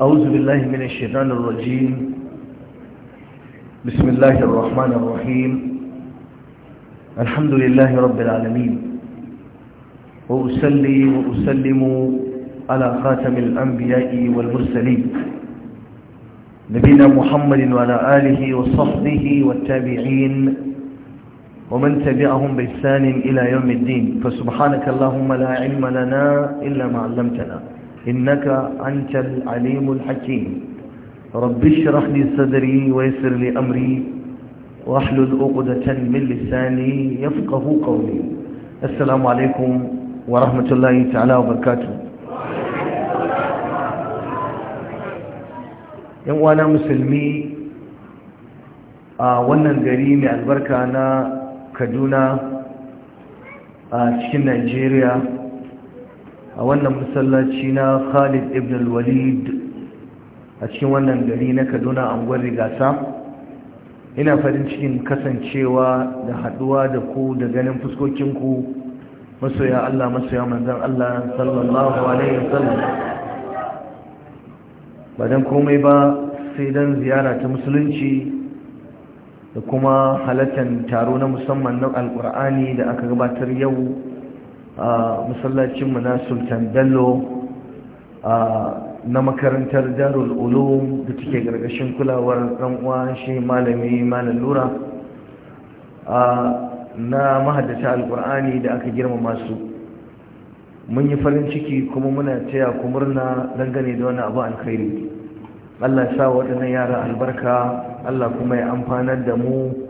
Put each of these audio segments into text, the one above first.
أعوذ بالله من الشيطان الرجيم بسم الله الرحمن الرحيم الحمد لله رب العالمين وأسلي وأسلم على خاتم الأنبياء والمرسلين نبينا محمد وعلى آله وصحبه والتابعين ومن تبعهم بإحسان إلى يوم الدين فسبحانك اللهم لا علم لنا إلا ما علمتنا إنك أنت العليم الحكيم رب اشرح لي صدري ويسر لي أمري واحلل عقدة من لساني يفقه قولي السلام عليكم ورحمة الله تعالى وبركاته yan wana musulmi a wannan gari mai albarka na kaduna a آه، cikin a wannan masallaci na khalid ibn al-walid a cikin wannan gari na kaduna anguwar rigasa ina farin cikin kasancewa da haduwa da ku da ganin fuskokinku masoya allah masoya manzan allah sallallahu alaihi wasallam ba don komai ba sai don ziyara ta musulunci da kuma halattar taro na musamman na alkur'ani da aka gabatar yau A masallacinmu na sultan bello na makarantar darul ulum da take gargashin kulawar uwa shi malami malam lura na mahaddata alkur'ani da aka girmama su mun yi farin ciki kuma muna taya ku murna dangane da wani abu alkhairi allah sa waɗannan yara albarka allah kuma ya amfanar da mu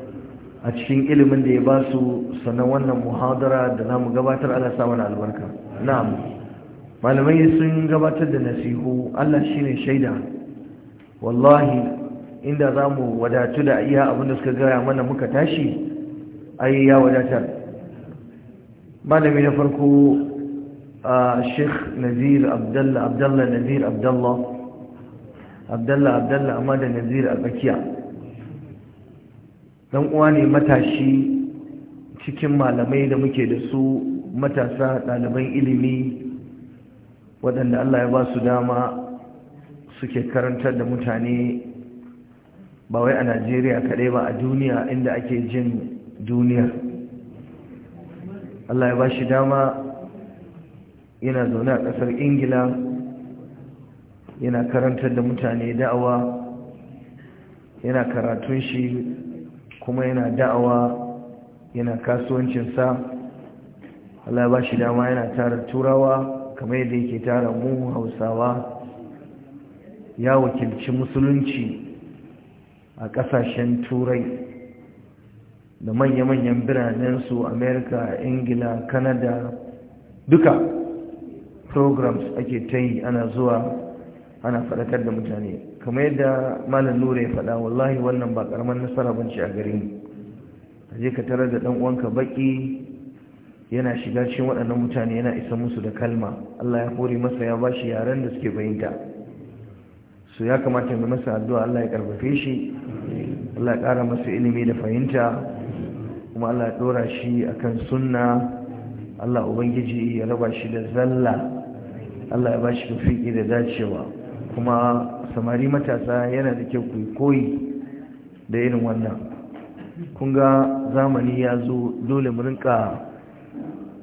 a cikin ilimin da ya ba su sannan wannan muhadara da namu gabatar Allah sa albarka na'am malamai sun gabatar da nasihu Allah shine shaida wallahi inda zamu wadatu da iya abin da suka gaya mana muka tashi ai ya wadatar malami na farko Sheikh Nazir Abdullah Abdullah Nazir amma da Nazir a tsakiya dan uwa ne matashi cikin malamai da muke da su matasa ɗaliban ilimi waɗanda Allah ya ba su dama suke karantar da mutane ba wai a Najeriya kaɗai ba a duniya inda ake jin duniya Allah ya ba shi dama yana zaune a ƙasar ingila yana karantar da mutane da'awa yana karatun shi kuma yana da'awa yana kasuwancinsa Allah ba shi dama yana tara turawa kamar yadda yake tara mu hausawa ya wakilci musulunci a ƙasashen turai da manya-manyan biranensu amerika ingila kanada duka programs ake ta yi ana zuwa ana faɗakar da mutane kamar yadda malam nura ya faɗa wallahi wannan ba ƙaramar nasara bunci a gare ni je ka tarar da ɗan uwanka baƙi yana shiga cikin waɗannan mutane yana isa musu da kalma Allah ya kori masa ya bashi yaren da suke fahimta su ya kamata mai masa addu'a Allah ya ƙarfafe shi Allah ya ƙara masa ilimi da fahimta kuma Allah ya ɗora shi akan sunna Allah ubangiji ya raba shi da zalla Allah ya bashi tafiki da dacewa kuma samari matasa yana da kyau ku koyi da irin wannan kunga zamani ya zo dole mu rinka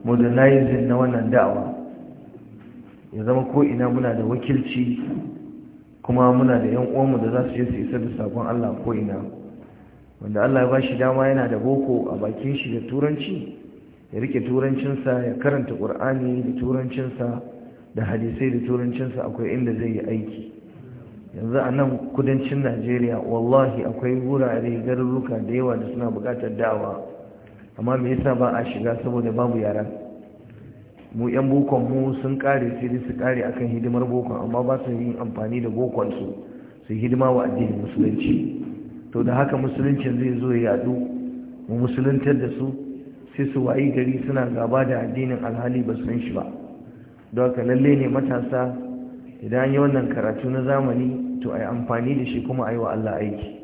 modernizing na wannan da'awa ya zama ko ina muna da wakilci kuma muna da yan uwanmu da za su yi su isa da sakon Allah ko ina wanda Allah ya ba shi dama yana da boko a bakin shi da turanci ya rike turancinsa ya karanta ƙur'ani da turancinsa da hadisai da turancinsa akwai inda zai yi aiki yanzu a nan kudancin najeriya wallahi akwai wurare garuruka da yawa da suna bukatar dawa amma me yasa ba a shiga saboda babu yara mu yan bokon mu sun kare sai su kare akan hidimar bokon amma ba su yin amfani da bokon su su hidima wa addinin musulunci to da haka musulunci zai zo ya yadu mu musuluntar da su sai su wayi gari suna gaba da addinin alhali ba su san shi ba don haka lalle ne matasa idan an yi wannan karatu na zamani to a yi amfani da shi kuma a yi wa Allah aiki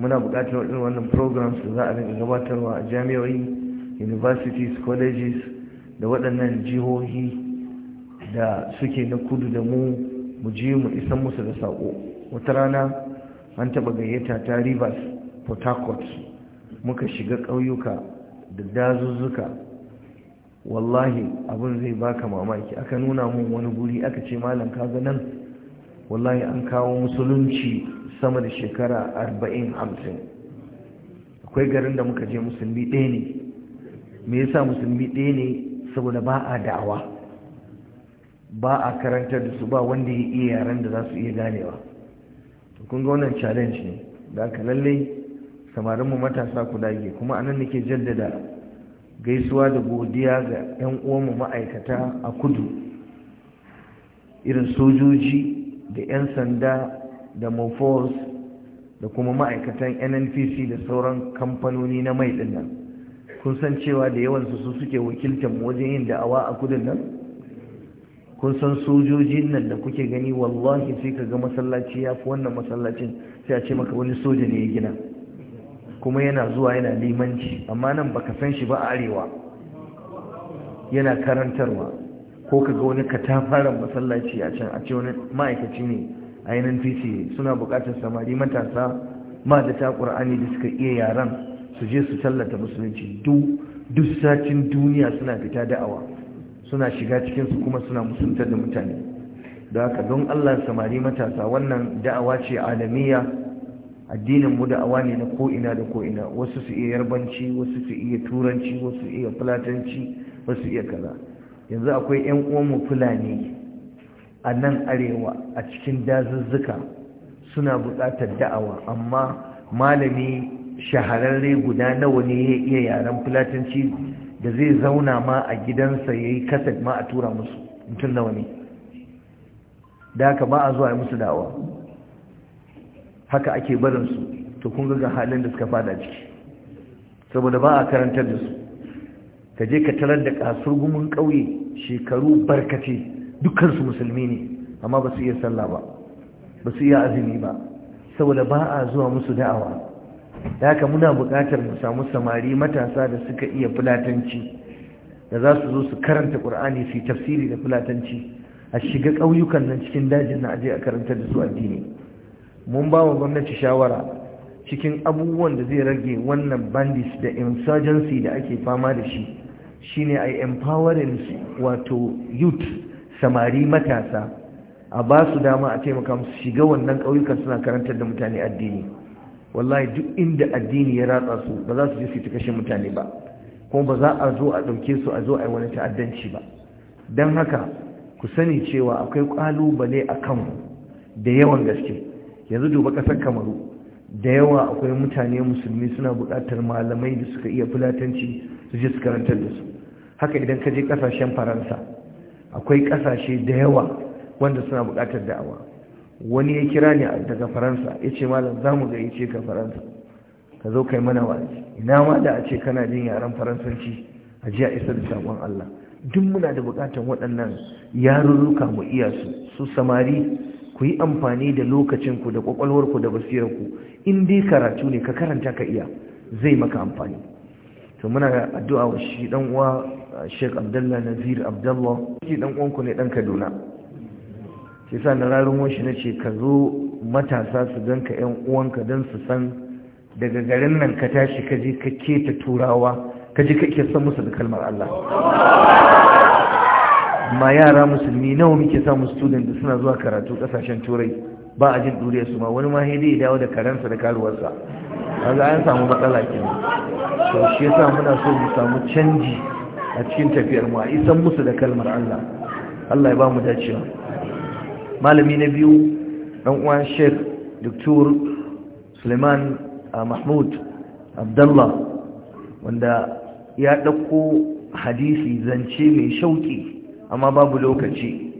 muna buƙatar waɗin wannan programs da za a rinka gabatarwa a jami'oi universities colleges da waɗannan jihohi da suke na kudu da mu mu ji mu isan musu da saƙo wata rana an taɓa gayyata ta rivers port harcourt muka shiga ƙauyuka da dazuzzuka wallahi abin zai baka mamaki aka nuna mun wani guri aka ce malam kaga nan wallahi an kawo musulunci sama da shekara arba'in hamsin akwai garin da muka je musulmi ɗaya ne me yasa musulmi ɗaya ne saboda ba a da'awa ba a karantar da su ba wanda ya iya yaren da za su iya ganewa kun ga wannan challenge ne da aka lallai samarinmu matasa ku dage kuma anan nake jaddada gaisuwa da godiya ga 'yan uwanmu ma'aikata a kudu irin sojoji da 'yan sanda da mofos da kuma ma'aikatan nnpc da sauran kamfanoni na mai din nan kun san cewa da yawansu su suke wakiltar wajen yin da'awa a kudin nan kun san sojojin nan da kuke gani wallahi sai ka ga masallaci ya fi wannan masallacin sai a ce maka wani soja ne ya gina kuma yana zuwa yana limanci amma nan baka san shi ba a arewa yana karantarwa ko ka ga wani katafaren masallaci a can a ce wani ma'aikaci ne a yanin titi suna bukatar samari matasa ma da ta ƙur'ani da suka iya yaran su je su tallata musulunci duk satin duniya suna fita da'awa suna shiga cikinsu kuma suna musuntar da mutane da haka don allah samari matasa wannan da'awa ce alamiya addinin mu da'awa ne na ko'ina da ko'ina wasu su iya yarbanci wasu su iya turanci wasu su iya fulatanci wasu iya kaza yanzu akwai 'yan uwanmu fulani a nan arewa a cikin dazuzzuka suna buƙatar da'awa amma malami shahararre guda nawa ne ya iya yaren fulatanci da zai zauna ma a gidansa ya yi kasar ma a tura musu mutum nawa ne da haka ba a zuwa musu da'awa haka ake barinsu to kun ga halin da suka fada ciki saboda ba a karantar da su ka je ka tarar da gumin ƙauye shekaru barkace dukansu musulmi ne amma ba su iya sallah ba ba su iya azumi ba saboda ba a zuwa musu da'awa da haka muna buƙatar mu samu samari matasa da suka iya fulatanci da za su zo su karanta ƙur'ani su yi tafsiri da fulatanci a shiga ƙauyukan nan cikin dajin na aje a karanta da su addini mun ba wa gwamnati shawara cikin abubuwan da zai rage wannan bandits da insurgency da ake fama da shi shi shine a empowering wato youth samari matasa a ba su dama a taimaka musu shiga wannan ƙauyukan suna karantar da mutane addini wallahi duk inda addini ya ratsa su ba za su je su kashe mutane ba kuma ba za a zo a ɗauke su a zo a yi wani ta'addanci ba don haka ku sani cewa akwai ƙalubale a kanku da yawan gaske yanzu duba kasar kamaru da yawa akwai mutane musulmi suna buƙatar malamai da suka iya fulatanci su je su karantar da su haka idan ka je ƙasashen faransa akwai ƙasashe da yawa wanda suna buƙatar da'awa wani ya kira ni daga faransa ya ce malam za mu ga ce ka faransa ka zo kai mana wa'azi ina ma da a ce kana jin yaren faransanci a jiya isa da saƙon allah duk muna da buƙatar waɗannan yarurruka mu iya su su samari ku yi amfani da lokacinku da kwakwalwarku da basirarku in dai karatu ne ka karanta ka iya zai maka amfani to muna addu'a wa shi dan uwa Sheikh Abdullah Nazir Abdullah shi dan uwanku ne dan Kaduna shi sa na rarun na nace ka zo matasa su ganka ƴan uwanka dan su san daga garin nan ka tashi ka je ka keta turawa ka je kake san musu da kalmar Allah amma yara musulmi nawa muke samu student da suna zuwa karatu kasashen turai ba a jin duriya su ma wani ma dai dawo da karansa da karuwarsa kaga an samu matsala kenan to shi yasa muna so mu samu canji a cikin tafiyar mu a isan musu da kalmar Allah Allah ya ba mu dacewa malami na biyu dan uwan Sheikh Dr. Suleiman ah, Mahmud Abdullah wanda ya dauko hadisi zance mai shauki amma babu lokaci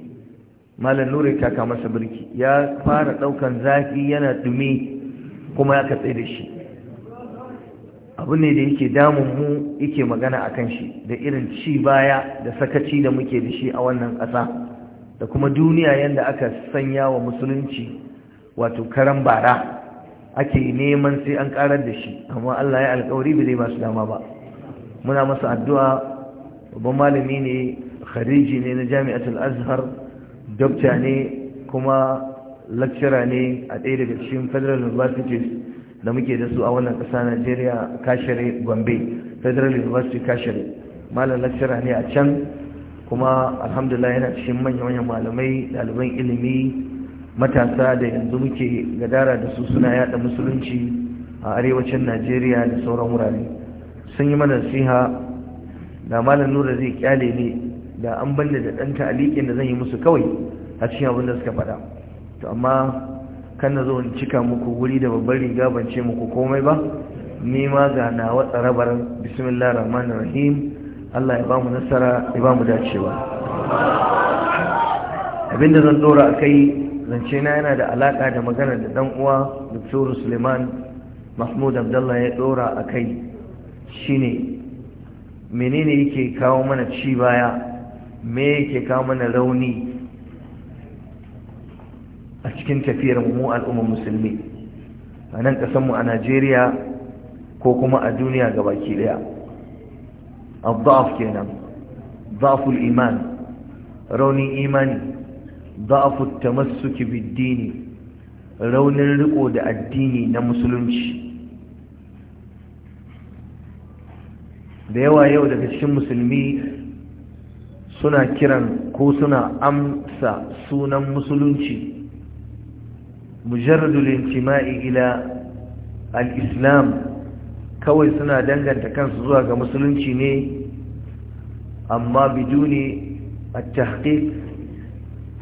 malam nuri ta kama masa birki ya fara daukan zafi yana dumi kuma ya katse da shi abu ne da yake damun mu yake magana akan shi da irin ci baya da sakaci da muke da shi a wannan ƙasa da kuma duniya yadda aka sanya wa musulunci wato karan bara ake neman sai an karar da shi amma Allah ya alkawari ba zai masu dama ba muna masa addu'a babban malami ne khariji ne na jami'atul azhar dokta ne kuma lecturer ne a ɗaya daga cikin federal universities da muke da su a wannan ƙasa Najeriya kashere Gombe federal university kashere malam lecturer ne a can kuma alhamdulillah yana cikin manyan malamai ɗaliban ilimi matasa da yanzu muke gadara da su suna yaɗa musulunci a arewacin Najeriya da sauran wurare sun yi mana nasiha da malam nura zai kyale ne da an balle da ɗan ta'aliƙin da zan yi musu kawai a cikin abin da suka faɗa to amma kan na zo in cika muku wuri da babbar riga ban ce muku komai ba ni ma ga nawa tsarabar bismillah rahman rahim Allah ya bamu nasara ya bamu dacewa abinda zan dora kai zance na yana da alaƙa da magana da dan uwa Dr. Suleiman Mahmud Abdullah ya dora shi shine menene yake kawo mana ci baya me yake kawo mana rauni a cikin tafiyar mu al'ummar musulmi a nan kasanmu a najeriya ko kuma a duniya ga baki daya abdaf kenan daful iman raunin imani daful tamassuki biddini raunin riko da addini na musulunci da yawa yau daga cikin musulmi suna kiran ko suna amsa sunan musulunci mujarradul intima'i ila al-islam kawai suna danganta kansu zuwa ga musulunci ne amma biduni at-tahqiq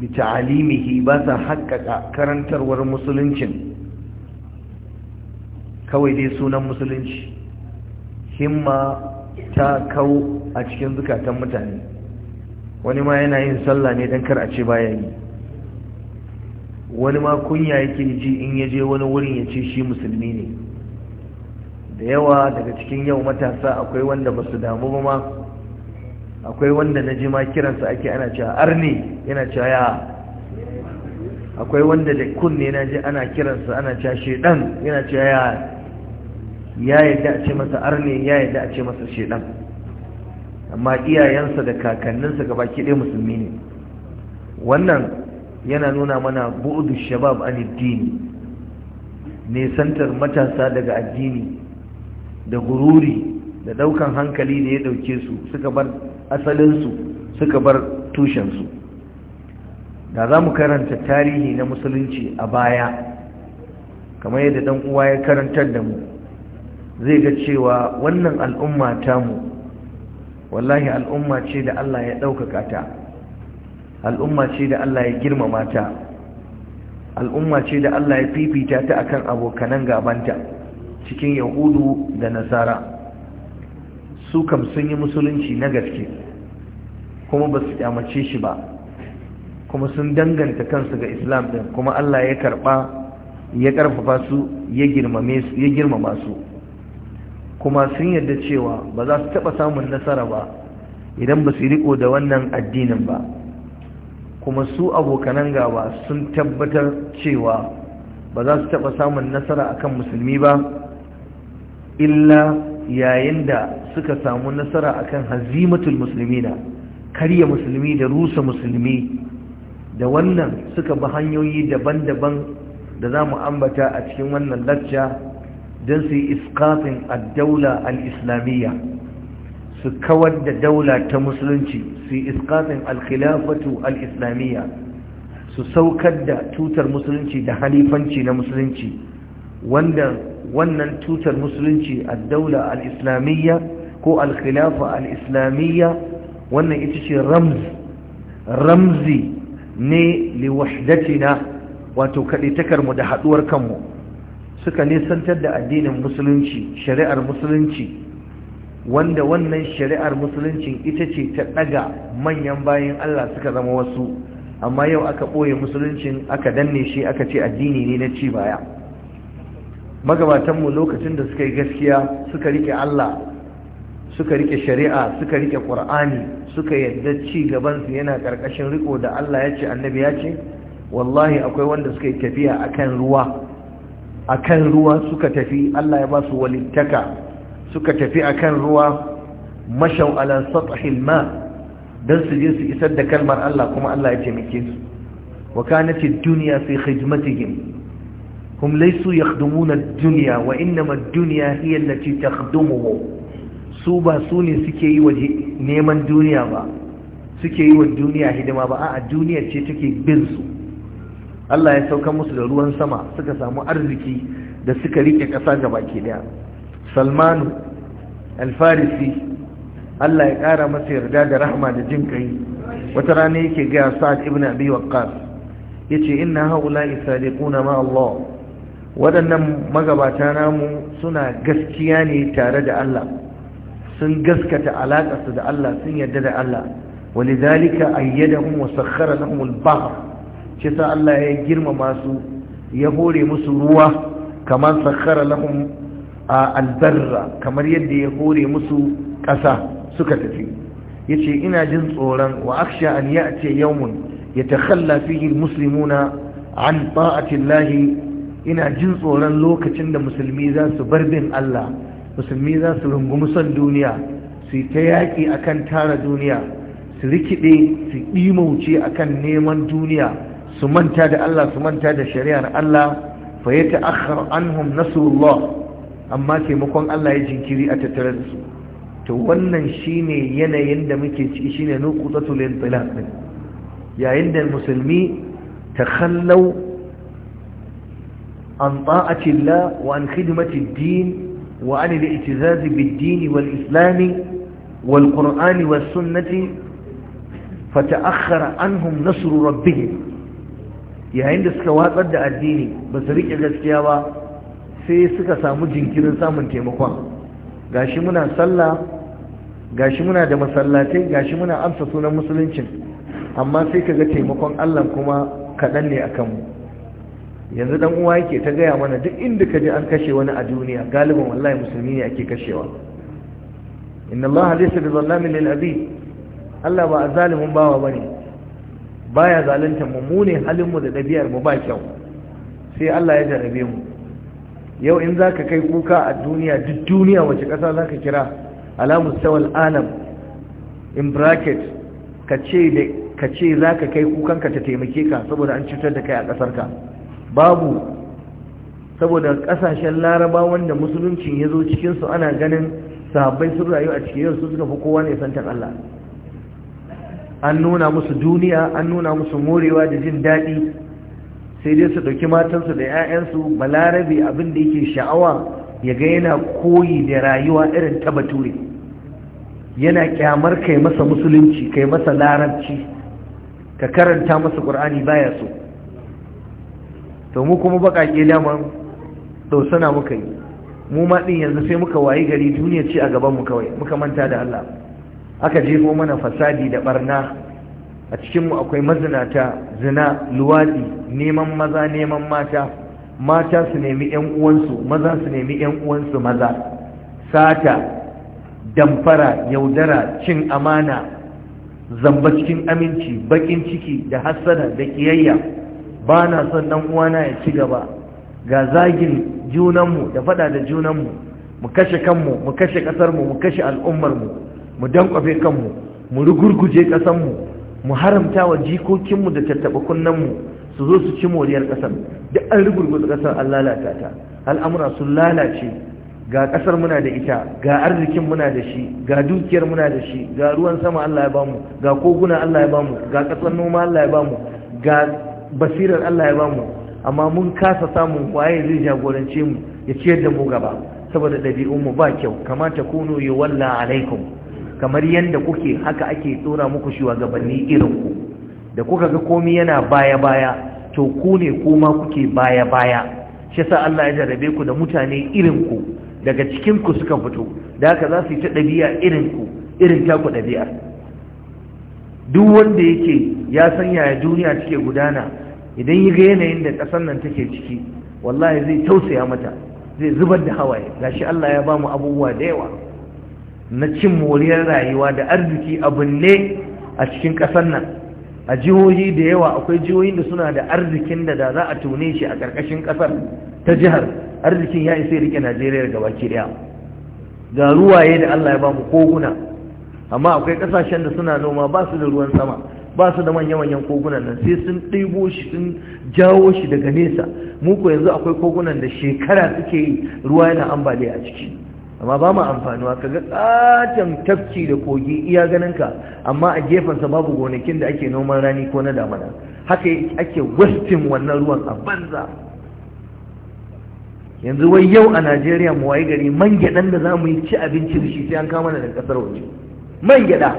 bi ta'alimihi ba sa haƙƙaƙa karantarwar musuluncin kawai dai sunan musulunci himma ta kau a cikin zukatan mutane wani ma yana yin sallah ne don kar a ce baya yi wani ma kunya yake ji in ya je wani wurin ya ce shi musulmi ne da yawa daga cikin yau matasa akwai wanda ba su damu ba ma akwai wanda na ji ma kiransa ake ana cewa arni yana cewa ya akwai wanda da kunne na ji ana kiransa ana cewa shedan yana cewa ya ya yadda a ce masa arni ya yadda a ce masa shedan amma iyayensa da kakanninsa gabaki ɗaya musulmi ne wannan yana nuna mana bu'udu shabab an addini nesantar matasa daga addini da gururi da ɗaukan hankali da ya ɗauke su suka bar asalinsu suka bar tushensu da za mu karanta tarihi na musulunci a baya kamar yadda dan uwa ya karantar da mu zai ga cewa wannan al'umma tamu wallahi al'umma ce da Allah ya ɗaukaka ta al'umma ce da Allah ya girmama ta al'umma ce da Allah ya fifita ta akan abokanan gabanta cikin yahudu da nasara su kam sun yi musulunci na gaske kuma ba su kyamace shi ba kuma sun danganta kansu ga islam din kuma Allah ya karba ya karfafa su ya girmama su kuma sun yarda cewa ba za su taɓa samun nasara ba idan ba su riko da wannan addinin ba kuma su abokanan gaba sun tabbatar cewa ba za su taɓa samun nasara akan musulmi ba illa yayin da suka samu nasara akan hazimatul na, karya musulmi da rusa musulmi da wannan suka bi hanyoyi daban-daban da za mu ambata a cikin wannan lacca don su yi iskafin a daula su kawar da daula ta musulunci su yi iskafin al'khilafatu al'islamiyya, su saukar da tutar musulunci da halifanci na musulunci wanda wannan tutar musulunci a daula ko al'khilafa al'islamiyya wannan ita ce ramzi ne liwahdatina wato kaɗaitakar mu da haɗuwar kanmu suka nisantar da addinin musulunci shari'ar musulunci wanda wannan shari'ar musulunci ita ce ta daga manyan bayan Allah suka zama wasu amma yau aka ɓoye musuluncin aka danne shi aka ce addini ne na ci baya magabatanmu lokacin da suka yi gaskiya suka rike Allah suka rike shari'a suka rike ƙur'ani suka yadda ci gabansu yana ƙarƙashin riko da Allah ya ce annabi ya ce wallahi akwai wanda suka yi tafiya akan ruwa akan ruwa suka tafi Allah ya ba su walittaka suka tafi akan ruwa mashau ala sathil ma dan su je su isar da kalmar Allah kuma Allah ya taimake su wa kanat ad-dunya fi khidmatihim hum laysu yakhdumuna ad-dunya wa inma ad-dunya hiya allati takhdumuhu su ba su ne suke yi waje neman duniya ba suke yi wa duniya hidima ba a'a duniya ce take bin su Allah ya sauka musu da ruwan sama suka samu arziki da suka rike ƙasa gaba ke daya salmanu alfarisi Allah ya ƙara masa yarda da rahama da jin kai wata rana yake gaya sa'ad ibn abi waqqas yace inna haula'i sadiquna ma Allah waɗannan magabata namu suna gaskiya ne tare da Allah sun gaskata alaƙarsu da Allah sun yarda da Allah walidhalika ayyadahum wa sakhkhara lahum al-bahr shi sa Allah ya girmama su ya hore musu ruwa kamar sakhara lahum albarra kamar yadda ya hore musu ƙasa suka tafi yace ina jin tsoron wa aksha an ya'ti yawmun yatakhalla fihi almuslimuna an ta'ati Allah ina jin tsoron lokacin da musulmi za su bar bin Allah musulmi za su rungumi son duniya su ta yaƙi akan tara duniya su rikide su ɗimauce akan neman duniya su manta da Allah su manta da shari'ar Allah fa ya ta'akhkhar anhum nasrullah amma taimakon Allah ya jinkiri a tattare da su to wannan shine yanayin da muke ciki shine nuqtatul intilaq yayin da musulmi takhallau an ta'ati Allah wa an khidmati ad-din wa an al-i'tizaz bid-din wal-islam wal-qur'an was-sunnah fata'akhkhara anhum nasru rabbihim yayin da suka watsar da addini ba su riƙe gaskiya ba sai suka samu jinkirin samun taimakon gashi muna sallah gashi muna da masallatai gashi muna amsa sunan musuluncin amma sai ka ga taimakon Allah kuma kaɗan ne a kanmu. yanzu dan uwa yake ta gaya mana duk inda ka ji an kashe wani a duniya galiban wallahi musulmi ne ake kashewa inna Allah laysa bi zallamin lil abid Allah ba azalimin bawa bane baya zaluntar mu mu halin mu da ɗabi'ar mu ba kyau sai Allah ya jarabe mu yau in zaka kai kuka a duniya duk duniya wace kasa zaka kira alamu sawal alam in bracket ka da ka zaka kai kukanka ta taimake ka saboda an cutar da kai a ka? babu saboda ƙasashen laraba wanda musulunci yazo zo cikinsu ana ganin sahabbai sun rayu a cikin yau su suka fi kowa ne santan Allah an nuna musu duniya an nuna musu morewa da jin daɗi sai dai su ɗauki matansu da 'ya'yansu balarabe abin da yake sha'awa ya ga yana koyi da rayuwa irin ta bature yana kyamar kai masa musulunci kai masa larabci ka karanta masa ƙur'ani baya so to mu kuma baƙaƙe daman ɗausana muka yi mu ma ɗin yanzu sai muka wayi gari duniya ce a gabanmu kawai muka manta da Allah aka jefo mana fasadi da barna a cikinmu akwai mazinata zina luwadi neman maza neman mata mata su nemi 'yan uwansu maza su nemi 'yan uwansu maza sata damfara yaudara cin amana zamba cikin aminci bakin ciki da hassada da kiyayya ba na son dan uwana ya ci gaba ga zagin junanmu da fada da junanmu mu kashe kanmu mu kashe kasarmu mu kashe al'ummarmu mu dankwafe kanmu mu rugurguje ƙasanmu mu haramta wa jikokinmu da tattaɓa kunnenmu su zo su ci moriyar ƙasar duk an rugurguje ƙasar an lalata ta al'amura sun lalace ga ƙasar muna da ita ga arzikin muna da shi ga dukiyar muna da shi ga ruwan sama Allah ya bamu ga koguna Allah ya bamu ga ƙasar noma Allah ya bamu ga basirar Allah ya bamu amma mun kasa samun kwaye zai jagorance mu ya ciyar da mu gaba saboda ɗabi'unmu ba kyau kamata kunu yi walla alaikum kamar yadda kuke haka ake tsora muku shugabanni irinku da kuka ga komai yana baya-baya to ku ne kuma kuke baya-baya shi yasa Allah ya jarabe ku da mutane irin ku daga cikinku suka fito da haka za su yi ta ɗabi'a irinku irin taku ɗabi'a duk wanda yake ya san yaya duniya take gudana idan yi ga yanayin da ƙasar nan take ciki wallahi zai tausaya mata zai zubar da hawaye gashi Allah ya bamu abubuwa da yawa na cin moriyar rayuwa da arziki a binne a cikin ƙasar nan a jihohi da yawa akwai jihohin da suna da arzikin da da za a tune shi a ƙarƙashin ƙasar ta jihar arzikin ya isa rike najeriya gaba daya ga ruwaye da allah ya bamu koguna amma akwai ƙasashen da suna noma ba su da ruwan sama ba su da manya-manyan kogunan nan sai sun ɗibo shi sun jawo shi daga nesa muku yanzu akwai kogunan da shekara suke yi ruwa yana ambaliya a ciki amma ba mu amfanuwa ka ga ƙaton tafki da kogi iya ganinka amma a gefensa babu gonakin da ake noman rani ko na damana haka ake wastin wannan ruwan a banza yanzu wai yau a najeriya mu waye gari man da za mu yi ci abinci da shi sai an kama da kasar waje man gyaɗa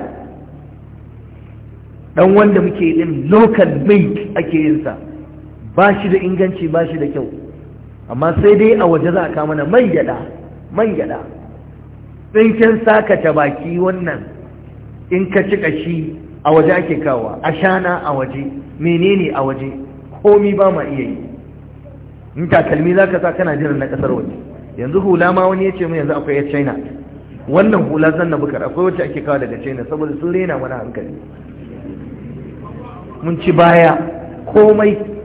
ɗan wanda muke yin local made ake yin sa ba da inganci bashi da kyau amma sai dai a waje za a kama na man gyaɗa man gyada tsinken sakata baki wannan in ka ci kashi a waje ake kawa ashana a waje menene a waje komi ba ma iya yi in takalmi za ka sa kana jiran na kasar waje yanzu hula ma wani ya ce yanzu akwai ya china wannan hula zan na bukar akwai wacce ake kawo daga china saboda sun rena mana hankali mun ci baya komai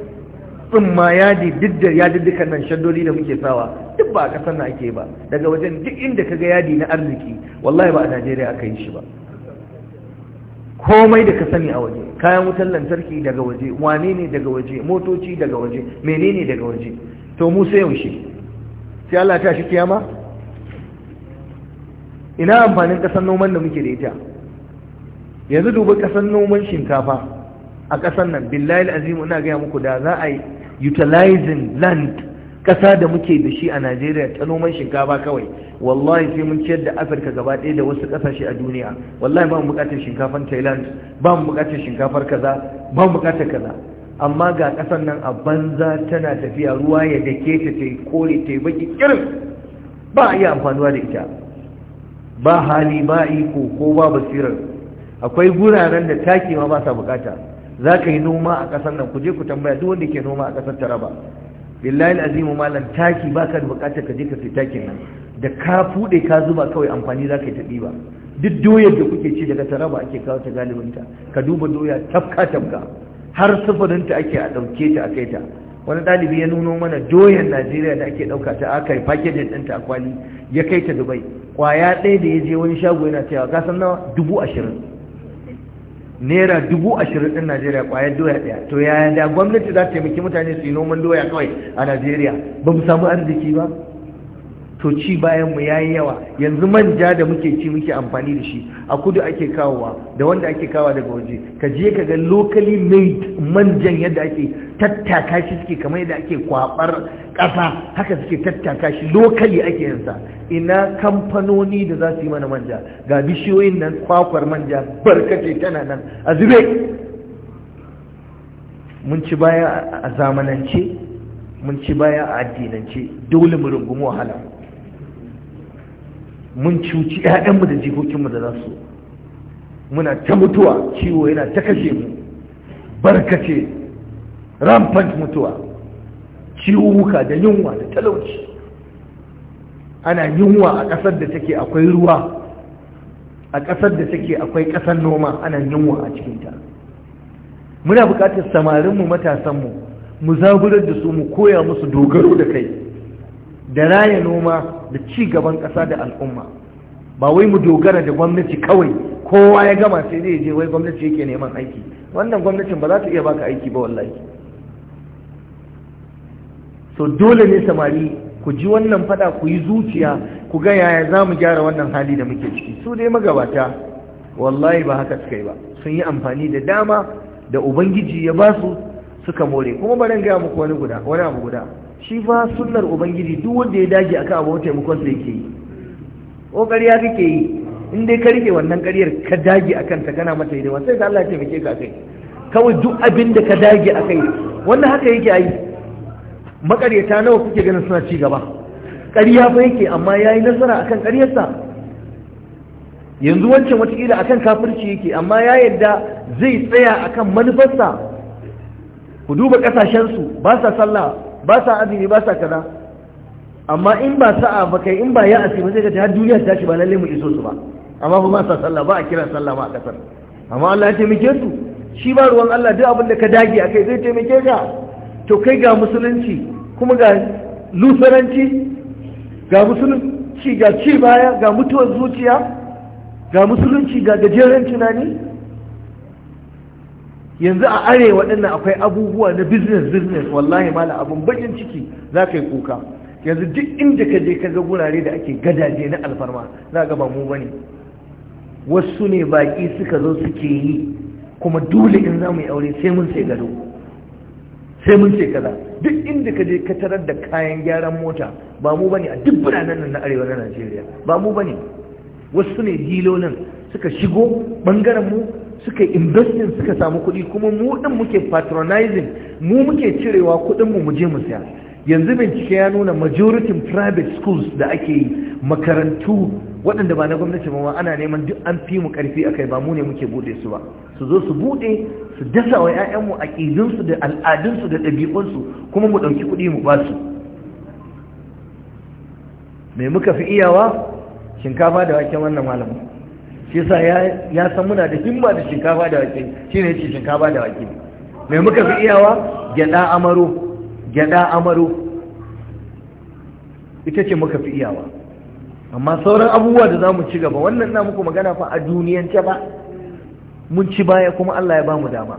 ma yadi duk da didda nan shaddoli da muke sawa duk ba a ƙasar na ake ba daga wajen duk inda kaga yadi na arziki wallahi ba a najeriya aka yi shi ba komai da ka sani a waje kayan wutar lantarki daga waje wane ne daga waje motoci daga waje menene daga waje to mu sai yaushe sai Allah ta shi kiyama ina amfanin kasar noman da muke da ita yanzu dubi kasar noman shinkafa a kasar nan billahi alazim ina ga muku da za a yi utilizing land ƙasa da muke da shi a Najeriya ta noman shinkafa kawai wallahi sai mun ciyar da Afirka gaba ɗaya da wasu ƙasashe a duniya wallahi ba mu buƙatar shinkafar Thailand ba mu buƙatar shinkafar kaza ba mu buƙatar kaza amma ga ƙasar nan a banza tana tafiya ruwa ya dake ta ta kore ta baki kirin ba a iya amfanuwa da ita ba hali ba iko ko ba basirar akwai guraren da take ma ba sa buƙata za ka yi noma a ƙasar nan ku je ku tambaya duk wanda ke noma a ƙasar taraba billahi azimu malam taki baka da buƙatar ka je ka sai takin nan da ka fude ka zuba kawai amfani za ka yi ta ɗiba duk doyar da kuke ci daga taraba ake kawo ta galibinta ka duba doya tafka tafka har sufurinta ake a ɗauke ta a kai ta wani ɗalibi ya nuno mana doyar najeriya da ake ɗauka ta aka yi fakejin ɗinta a kwali ya kai ta dubai kwaya ɗaya da ya je wani shago yana cewa kasan nawa dubu ashirin naira dubu ashirin ɗin najeriya kwayar doya ɗaya to yaya da gwamnati za ta taimaki mutane su yi noman doya kawai a najeriya ba mu samu arziki ba to ci bayan mu yayi yawa yanzu manja da muke ci muke amfani da shi a kudu ake kawowa da wanda ake kawowa daga waje ka je ka ga locally made manjan yadda ake tattaka shi suke kamar yadda ake kwabar ƙasa haka suke tattaka shi locally ake yin ina kamfanoni da za su yi mana manja ga bishiyoyin nan kwakwar manja barkace tana nan a zube mun ci baya a zamanance mun ci baya a addinance dole mu rungumi wahala mun cuci 'ya'yanmu da jikokinmu da za su muna ta mutuwa ciwo yana ta kashe mu barkace rampant mutuwa Ciwo wuka da yunwa da talauci ana yunwa a ƙasar da take akwai ruwa a ƙasar da take akwai ƙasar noma ana yunwa a cikinta muna buƙatar samarinmu matasanmu mu zaburar da su mu koya musu dogaro da kai da raya noma da ci gaban ƙasa da al'umma ba wai mu dogara da gwamnati kawai kowa ya gama sai zai je wai gwamnati yake neman aiki wannan gwamnatin ba za ta iya baka aiki ba wallahi so dole ne samari ku ji wannan fada ku yi zuciya ku ga yaya za mu gyara wannan hali da muke ciki su dai magabata wallahi ba haka suka yi ba sun yi amfani da dama da ubangiji ya ba su suka more kuma barin gaya muku wani guda wani abu guda shi fa sunnar ubangiji duk wanda ya dage akan abu taimakon sai yake yi Ƙoƙari ya kake yi in dai karfe wannan ƙaryar ka dage akan ta kana mata hidima sai ga Allah ya taimake ka kai kawai duk abin da ka dage akai wannan haka yake ayi Maƙaryata nawa kuke ganin suna ci gaba ƙarya fa yake amma ya yi nasara akan ƙaryarsa yanzu wancan watakila akan kafirci yake amma ya yadda zai tsaya akan manufarsa ku duba ƙasashensu ba sa sallah ba sa azumi ba sa kaza amma in ba sa'a ba kai in ba ya a ba zai ga har duniya ta shi ba lalle mu iso su ba amma ba sa sallah ba a kira sallah ma a kasar amma Allah ya taimake su shi ba ruwan Allah duk abin da ka dage a kai zai taimake ka to kai ga musulunci kuma ga lusaranci ga musulunci ga ci baya ga mutuwar zuciya ga musulunci ga gajeren tunani yanzu a arewa ɗin akwai abubuwa na business business wallahi mala abun bakin ciki za ka yi kuka yanzu duk inda ka je ka ga gurare da ake gadaje na alfarma za ga ba mu bane wasu ne baki suka zo suke yi kuma dole in za mu yi aure sai mun sai gado sai mun sai kaza duk inda ka je ka tarar da kayan gyaran mota ba mu bane a duk biranen nan na arewa na Najeriya ba mu bane wasu ne dilolin suka shigo bangaren mu suka investin suka samu kuɗi kuma mu ɗin muke patronizing mu muke cirewa kuɗinmu mu je mu siya yanzu bincike ya nuna majority private schools da ake yi makarantu waɗanda ba na gwamnati ba ana neman duk an fi mu karfi akai ba mu ne muke buɗe su ba su zo su buɗe su dasa wa 'ya'yanmu a ƙidinsu da al'adunsu da ɗabi'unsu kuma mu ɗauki kuɗi mu ba su me muka fi iyawa shinkafa da waken wannan malamin shi yasa ya san muna da himma da shinkafa da wake shi ne ce shinkafa da wake mai muka fi iyawa gyada amaro gyada amaro ita ce muka fi iyawa amma sauran abubuwa da za mu ci gaba wannan na muku magana fa a ce ba mun ci baya kuma Allah ya ba mu dama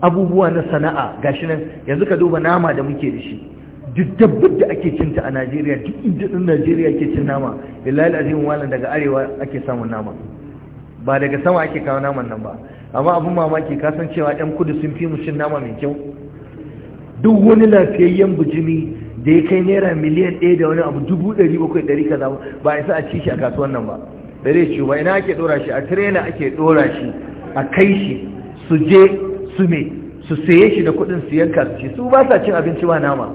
abubuwa na sana'a gashi nan yanzu ka duba nama da muke da shi duk dabbar da ake cinta a Najeriya duk inda Najeriya ke cin nama billahi alazim wallan daga arewa ake samun nama ba daga sama ake kawo naman nan ba amma abin mamaki kasan cewa yan kudu sun fi mushin nama mai kyau duk wani lafiyayyen bujimi da ya kai naira miliyan ɗaya da wani abu dubu ɗari bakwai ɗari kaza ba a isa a ci shi a kasuwan nan ba da zai ci ba ina ake ɗora shi a tirena ake ɗora shi a kai shi su je su me su saye shi da kuɗin su yanka su ci su ba sa cin abinci ba nama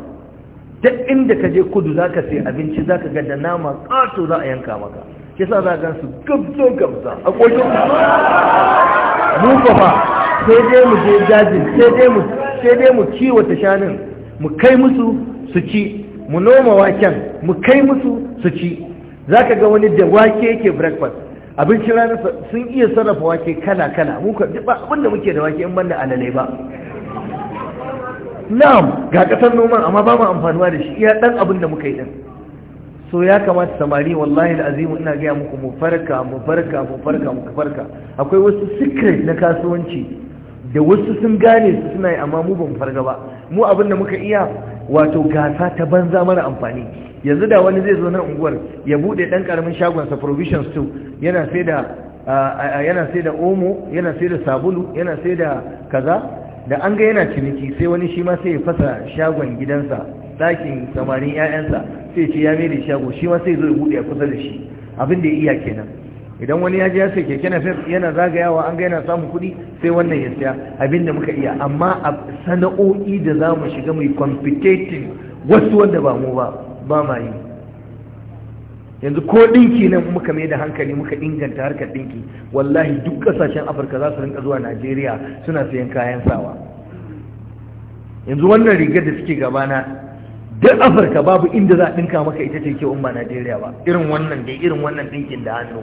duk inda ka je kudu za ka sayi abinci za ka ga da nama ƙato za a yanka maka ke sa za gan su gabzo gamsa. a ƙoshin mu fa sai dai mu je dajin sai dai mu ci dai mu kiwata shanin mu kai musu su ci mu noma waken mu kai musu su ci za ka ga wani da wake yake breakfast abincin rana sun iya sarrafa wake kala kala mu ka ba abin da muke da wake in banda alale ba na'am ga kasar noman amma ba mu amfanuwa da shi iya dan abin da muka yi din so ya kamata samari wallahi al'azimu ina gaya muku mu farka mu farka mu farka mu farka akwai wasu secret na kasuwanci da wasu sun gane su suna yi amma mu ban farga ba mu abin da muka iya wato gasa ta banza mana amfani yanzu da wani zai zo nan unguwar ya bude dan karamin shagon sa provision store yana sai da yana sai da omo yana sai da sabulu yana sai da kaza da an ga yana ciniki sai wani shi ma sai ya fasa shagon gidansa Dakin samarin 'ya'yansa sai ce ya mere shago shi ma sai zo ya buɗe kusa da shi abin da ya iya kenan idan wani ya je ya sai keke na fes yana zagayawa an ga yana samun kuɗi sai wannan ya siya abin da muka iya amma a sana'o'i da za mu shiga mai competitive wasu wanda ba mu ba ba ma yi yanzu ko ɗinki nan muka mai da hankali muka inganta harkar ɗinki wallahi duk ƙasashen afirka za su rinka zuwa najeriya suna sayan kayan sawa yanzu wannan rigar da suke gabana duk afirka babu inda za a ɗinka maka ita ce kyau in ba najeriya ba irin wannan da irin wannan ɗinkin da hannu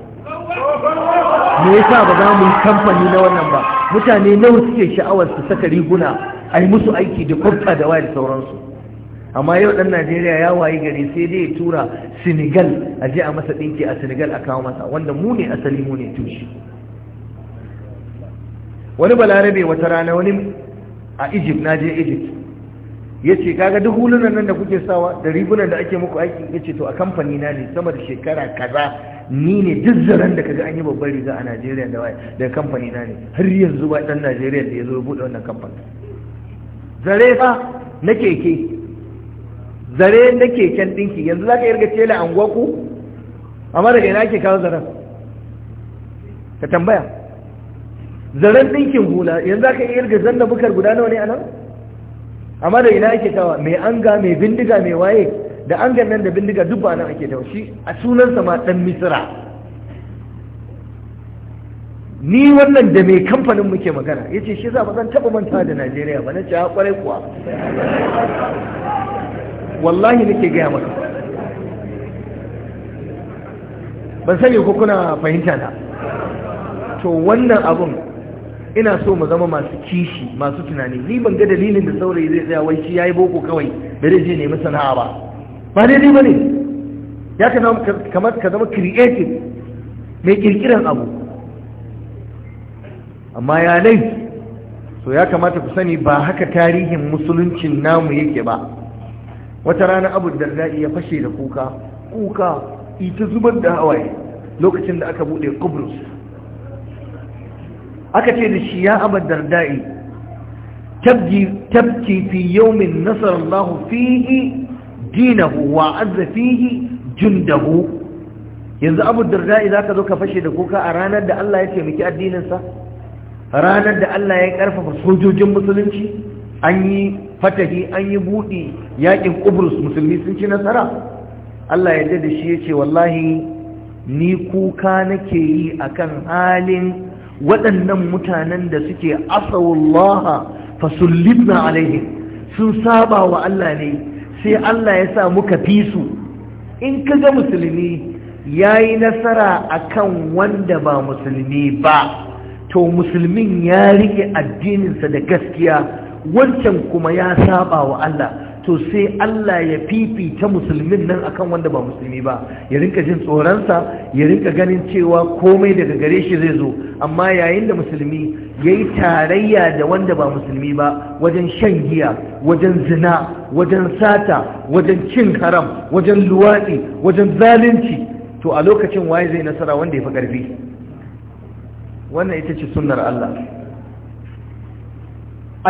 me yasa ba za mu yi kamfani na wannan ba mutane nawa suke sha'awar su saka riguna a yi musu aiki da kwafta da waya da sauransu amma yau ɗan najeriya ya wayi gari sai dai ya tura senegal a je a masa ɗinki a senegal a kawo masa wanda mu ne asali mu ne tushe wani balarabe wata rana wani a egypt na je egypt ya ce kaga duk hulunan nan da kuke sawa da ribunan da ake muku aiki ya ce to a kamfani na ne sama da shekara kaza ni ne duk zaren da kaga an yi babban riga a najeriya da da kamfani na ne har yanzu ba dan najeriya da ya zo bude wannan kamfani zare fa na keke zare na keken ɗinki yanzu za ka yarga tela an gwaku amma daga ina ake kawo zaren ka tambaya zaren ɗinkin hula yanzu za ka yarga zanna bukar guda nawa ne a nan amma da ina ake tawa mai anga mai bindiga mai waye da angan nan da bindiga duk ba nan ake tawa shi a sunansa ma dan misira ni wannan da mai kamfanin muke magana ya ce shi za ba zan taɓa manta da najeriya ba na ce kwarai kuwa wallahi nake gaya maka ban sani ko kuna fahimta na to wannan abun ina so mu zama masu kishi masu tunani ni ban ga dalilin da saurayi zai tsaya wai shi yayi boko kawai da zai je nemi sana'a ba ba dai bane ya ka zama kamar ka zama creative mai kirkiran abu amma ya laifi so ya kamata ku sani ba haka tarihin musuluncin namu yake ba wata rana abu darda ya fashe da kuka kuka ita zubar da hawaye lokacin da aka bude kubrus aka ce da shi ya abar dardai tabki fi yawmin nasarar fihi dinahu wa azza fihi jundahu yanzu abu dardai za ka zo ka fashe da kuka a ranar da Allah ya taimaki addininsa ranar da Allah ya karfafa sojojin musulunci an yi fatahi an yi buɗi yakin ƙubrus musulmi sun ci nasara Allah ya da shi ya ce wallahi ni kuka nake yi akan halin waɗannan mutanen da suke asawullaha fasullibna alaihim sun saba wa Allah ne sai Allah ya sa muka fi su in ka ga musulmi ya yi nasara akan wanda ba musulmi ba to musulmin ya riƙe addininsa da gaskiya wancan kuma ya saba wa Allah to sai Allah ya fifita musulmin nan akan wanda ba musulmi ba ya rinka jin tsoronsa ya rinka ganin cewa komai daga gare shi zai zo amma yayin da musulmi ya yi tarayya da wanda ba musulmi ba wajen shan giya wajen zina wajen sata wajen cin haram wajen luwaɗi wajen zalunci to a lokacin waye zai nasara wanda ya fi ƙarfi wannan ita ce sunnar Allah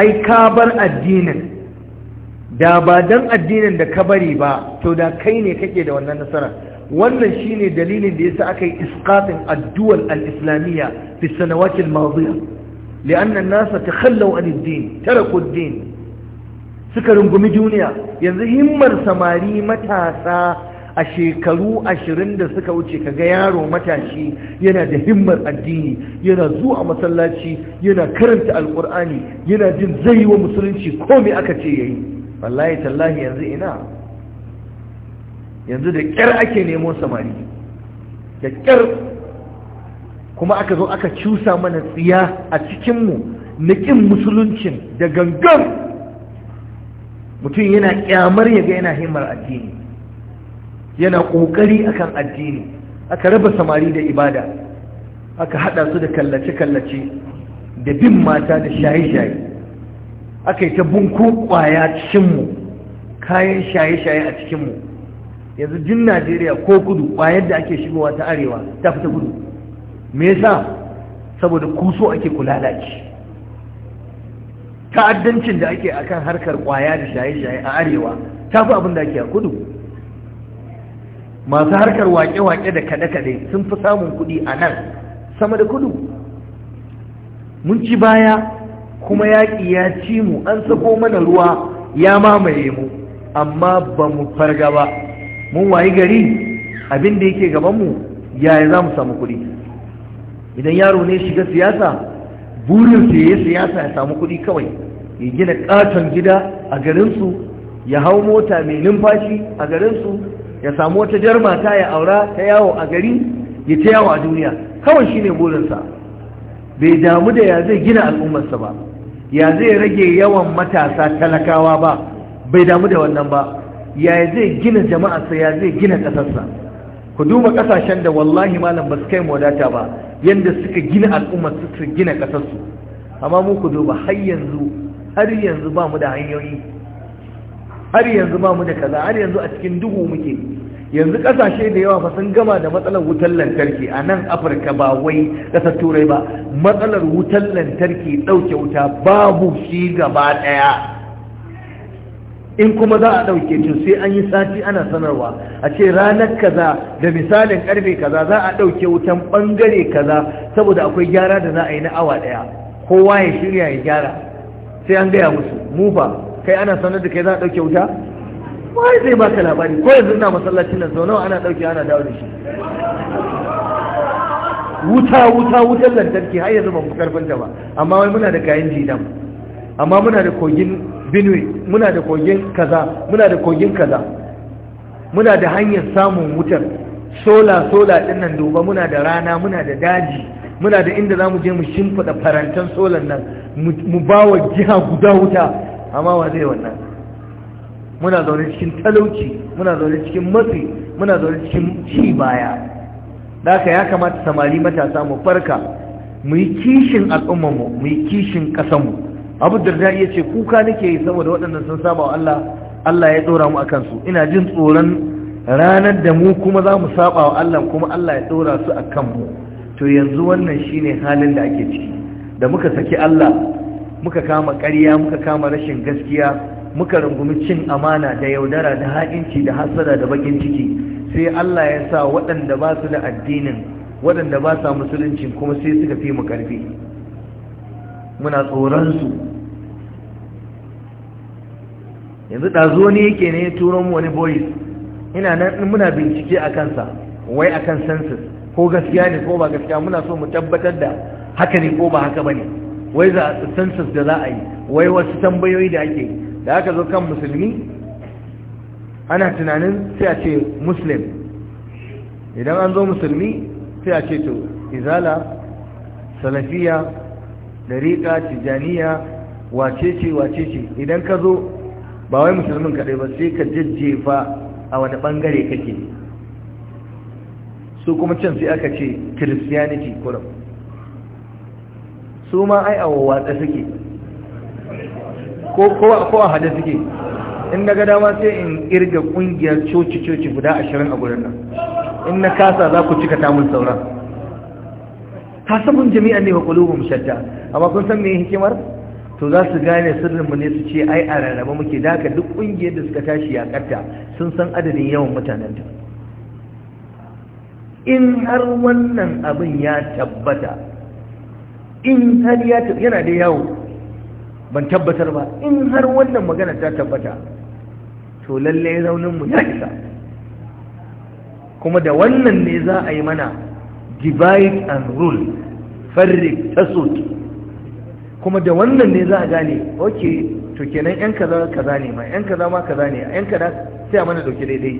ai ka bar addinin da ba dan addinin da ka bari ba to da kai ne kake da wannan nasara wannan shine dalilin da yasa aka yi isqatin addu'al al-islamiyya fi sanawati al-madiya li'anna an-nas takhallaw an ad-din taraku ad-din suka rungumi duniya yanzu himmar samari matasa a shekaru ashirin da suka wuce kaga yaro matashi yana da himmar addini yana zuwa masallaci yana karanta alkur'ani yana jin zai yi wa musulunci komai aka ce yayi wallahi tallahi yanzu ina yanzu da kyar ake nemo samari da kyar kuma aka zo aka cusa mana tsiya a cikinmu na ƙin musuluncin da gangan mutum yana ƙyamar yaga yana himmar addini yana ƙoƙari akan addini aka raba samari da ibada aka haɗa su da kallace-kallace da bin mata da shaye-shaye aka yi ta bunku kwaya cikinmu kayan shaye-shaye a cikinmu yanzu jin najeriya ko kudu kwayar da ake shigowa ta arewa ta fita kudu me yasa saboda kuso ake kula da shi ta'addancin da ake akan harkar kwaya da shaye-shaye a arewa ta fi abin da ake a kudu masu harkar wake-wake da kaɗe kade sun fi samun kuɗi a nan sama da kudu mun ci baya kuma yaƙi ya ci mu an sako mana ruwa ya mamaye mu amma ba mu farga ba mun wayi gari abin da yake gabanmu yaya za mu samu kuɗi idan yaro ne shiga siyasa burinsa ya yi siyasa ya samu kuɗi kawai ya gina ƙaton gida a garinsu ya hau mota mai numfashi a garinsu ya samu wata jarmata ya aura ta yawo a gari ya ta yawo a duniya kawai shine burinsa bai damu da ya zai gina al'ummarsa ba ya zai rage yawan matasa talakawa ba bai damu da wannan ba ya zai gina jama'arsa ya zai gina ƙasarsa ku duba ƙasashen da wallahi malam ba su kai wadata ba yadda suka gina al'ummar su gina ƙasarsu amma mu ku duba har yanzu har yanzu ba mu da hanyoyi har yanzu ba mu da kaza har yanzu a cikin duhu muke yanzu kasashe da yawa fa sun gama da matsalar wutar lantarki a nan afirka ba wai kasar turai ba matsalar wutar lantarki ɗauke wuta babu shi gaba ɗaya in kuma za a ɗauke to sai an yi sati ana sanarwa a ce ranar kaza da misalin karfe kaza za a ɗauke wutan ɓangare kaza saboda akwai gyara da za a yi na awa ɗaya kowa ya shirya ya gyara sai an gaya musu mu fa kai ana sanar da kai za a ɗauke wuta wai zai baka labari ko yanzu na masallacin nan sau nawa ana dauke ana dawo da shi wuta wuta wutar lantarki har yanzu ba mu karfin ta ba amma wai muna da kayan jidan amma muna da kogin Benue muna da kogin kaza muna da kogin kaza muna da hanyar samun wutar sola sola din nan duba muna da rana muna da daji muna da inda za mu je mu shimfiɗa farantan solan nan mu bawa jiha guda wuta amma wa zai wannan muna zaune cikin talauci muna zaune cikin matsi muna zaune cikin ci baya da haka ya kamata samari matasa mu farka mu yi kishin al'ummanmu mu yi kishin ƙasanmu abu darda iya ce kuka nake yi saboda waɗanda sun saba wa Allah Allah ya ɗora mu a kansu ina jin tsoron ranar da mu kuma za mu saba wa Allah kuma Allah ya ɗora su a kanmu to yanzu wannan shine halin da ake ciki da muka saki Allah muka kama ƙarya muka kama rashin gaskiya muka rungumi cin amana da yaudara da ha'inci da hasada da bakin ciki sai Allah ya sa waɗanda ba su da addinin waɗanda ba sa musulunci kuma sai suka fi mu ƙarfi muna tsoron su yanzu ɗazo ne yake ne turon mu wani boys ina nan in muna bincike a kansa wai a kan census ko gaskiya ne ko ba gaskiya muna so mu tabbatar da haka ne ko ba haka ba ne wai za a census da za a yi wai wasu tambayoyi da ake yi da aka zo kan musulmi ana tunanin sai a ce muslim idan an zo musulmi sai a ce to izala salafiya dariƙa tijaniya wacece wacece idan ka zo ba wai musulmin kaɗai ba sai ka jajjefa a wani ɓangare kake su kuma can sai aka ce christianity kuram su ma ai a watsa suke ko a hada suke in na dama sai in irga kungiyar coci-coci guda ashirin a gurin nan in na kasa za ku cika tamun sauran sabon jami'an ne wa kulubun shatta amma kun san mai hikimar to za su gane sirrinmu ne su ce ai a rarraba muke daga duk kungiyar da suka tashi ya karta sun san adadin yawan mutanen ta in har wannan abin ya tabbata in har ya yana da yawo ban tabbatar ba in har wannan magana ta tabbata to lalle rauninmu ya isa kuma da wannan ne za a yi mana divide and rule farrik tasut kuma da wannan ne za a gane ok to kenan yan kaza kaza ne ma yan kaza ma kaza ne yan kaza sai a mana dauki daidai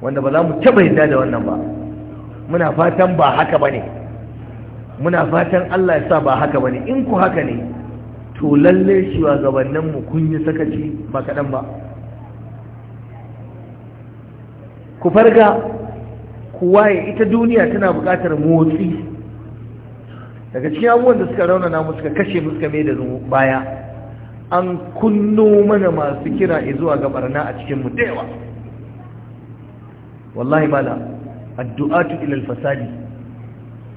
wanda ba za mu taba yadda da wannan ba muna fatan ba haka bane muna fatan Allah ya sa ba haka bane in ku haka ne to lalle mu kun yi sakaci ba kaɗan ba ku farga ku waye ita duniya tana buƙatar motsi daga cikin abubuwan da suka raunana mu suka kashe mu suka mai zuwa baya an kunno mana masu kira zuwa ga barna a cikin mu da yawa wallahi mala addu'atu ila al-fasadi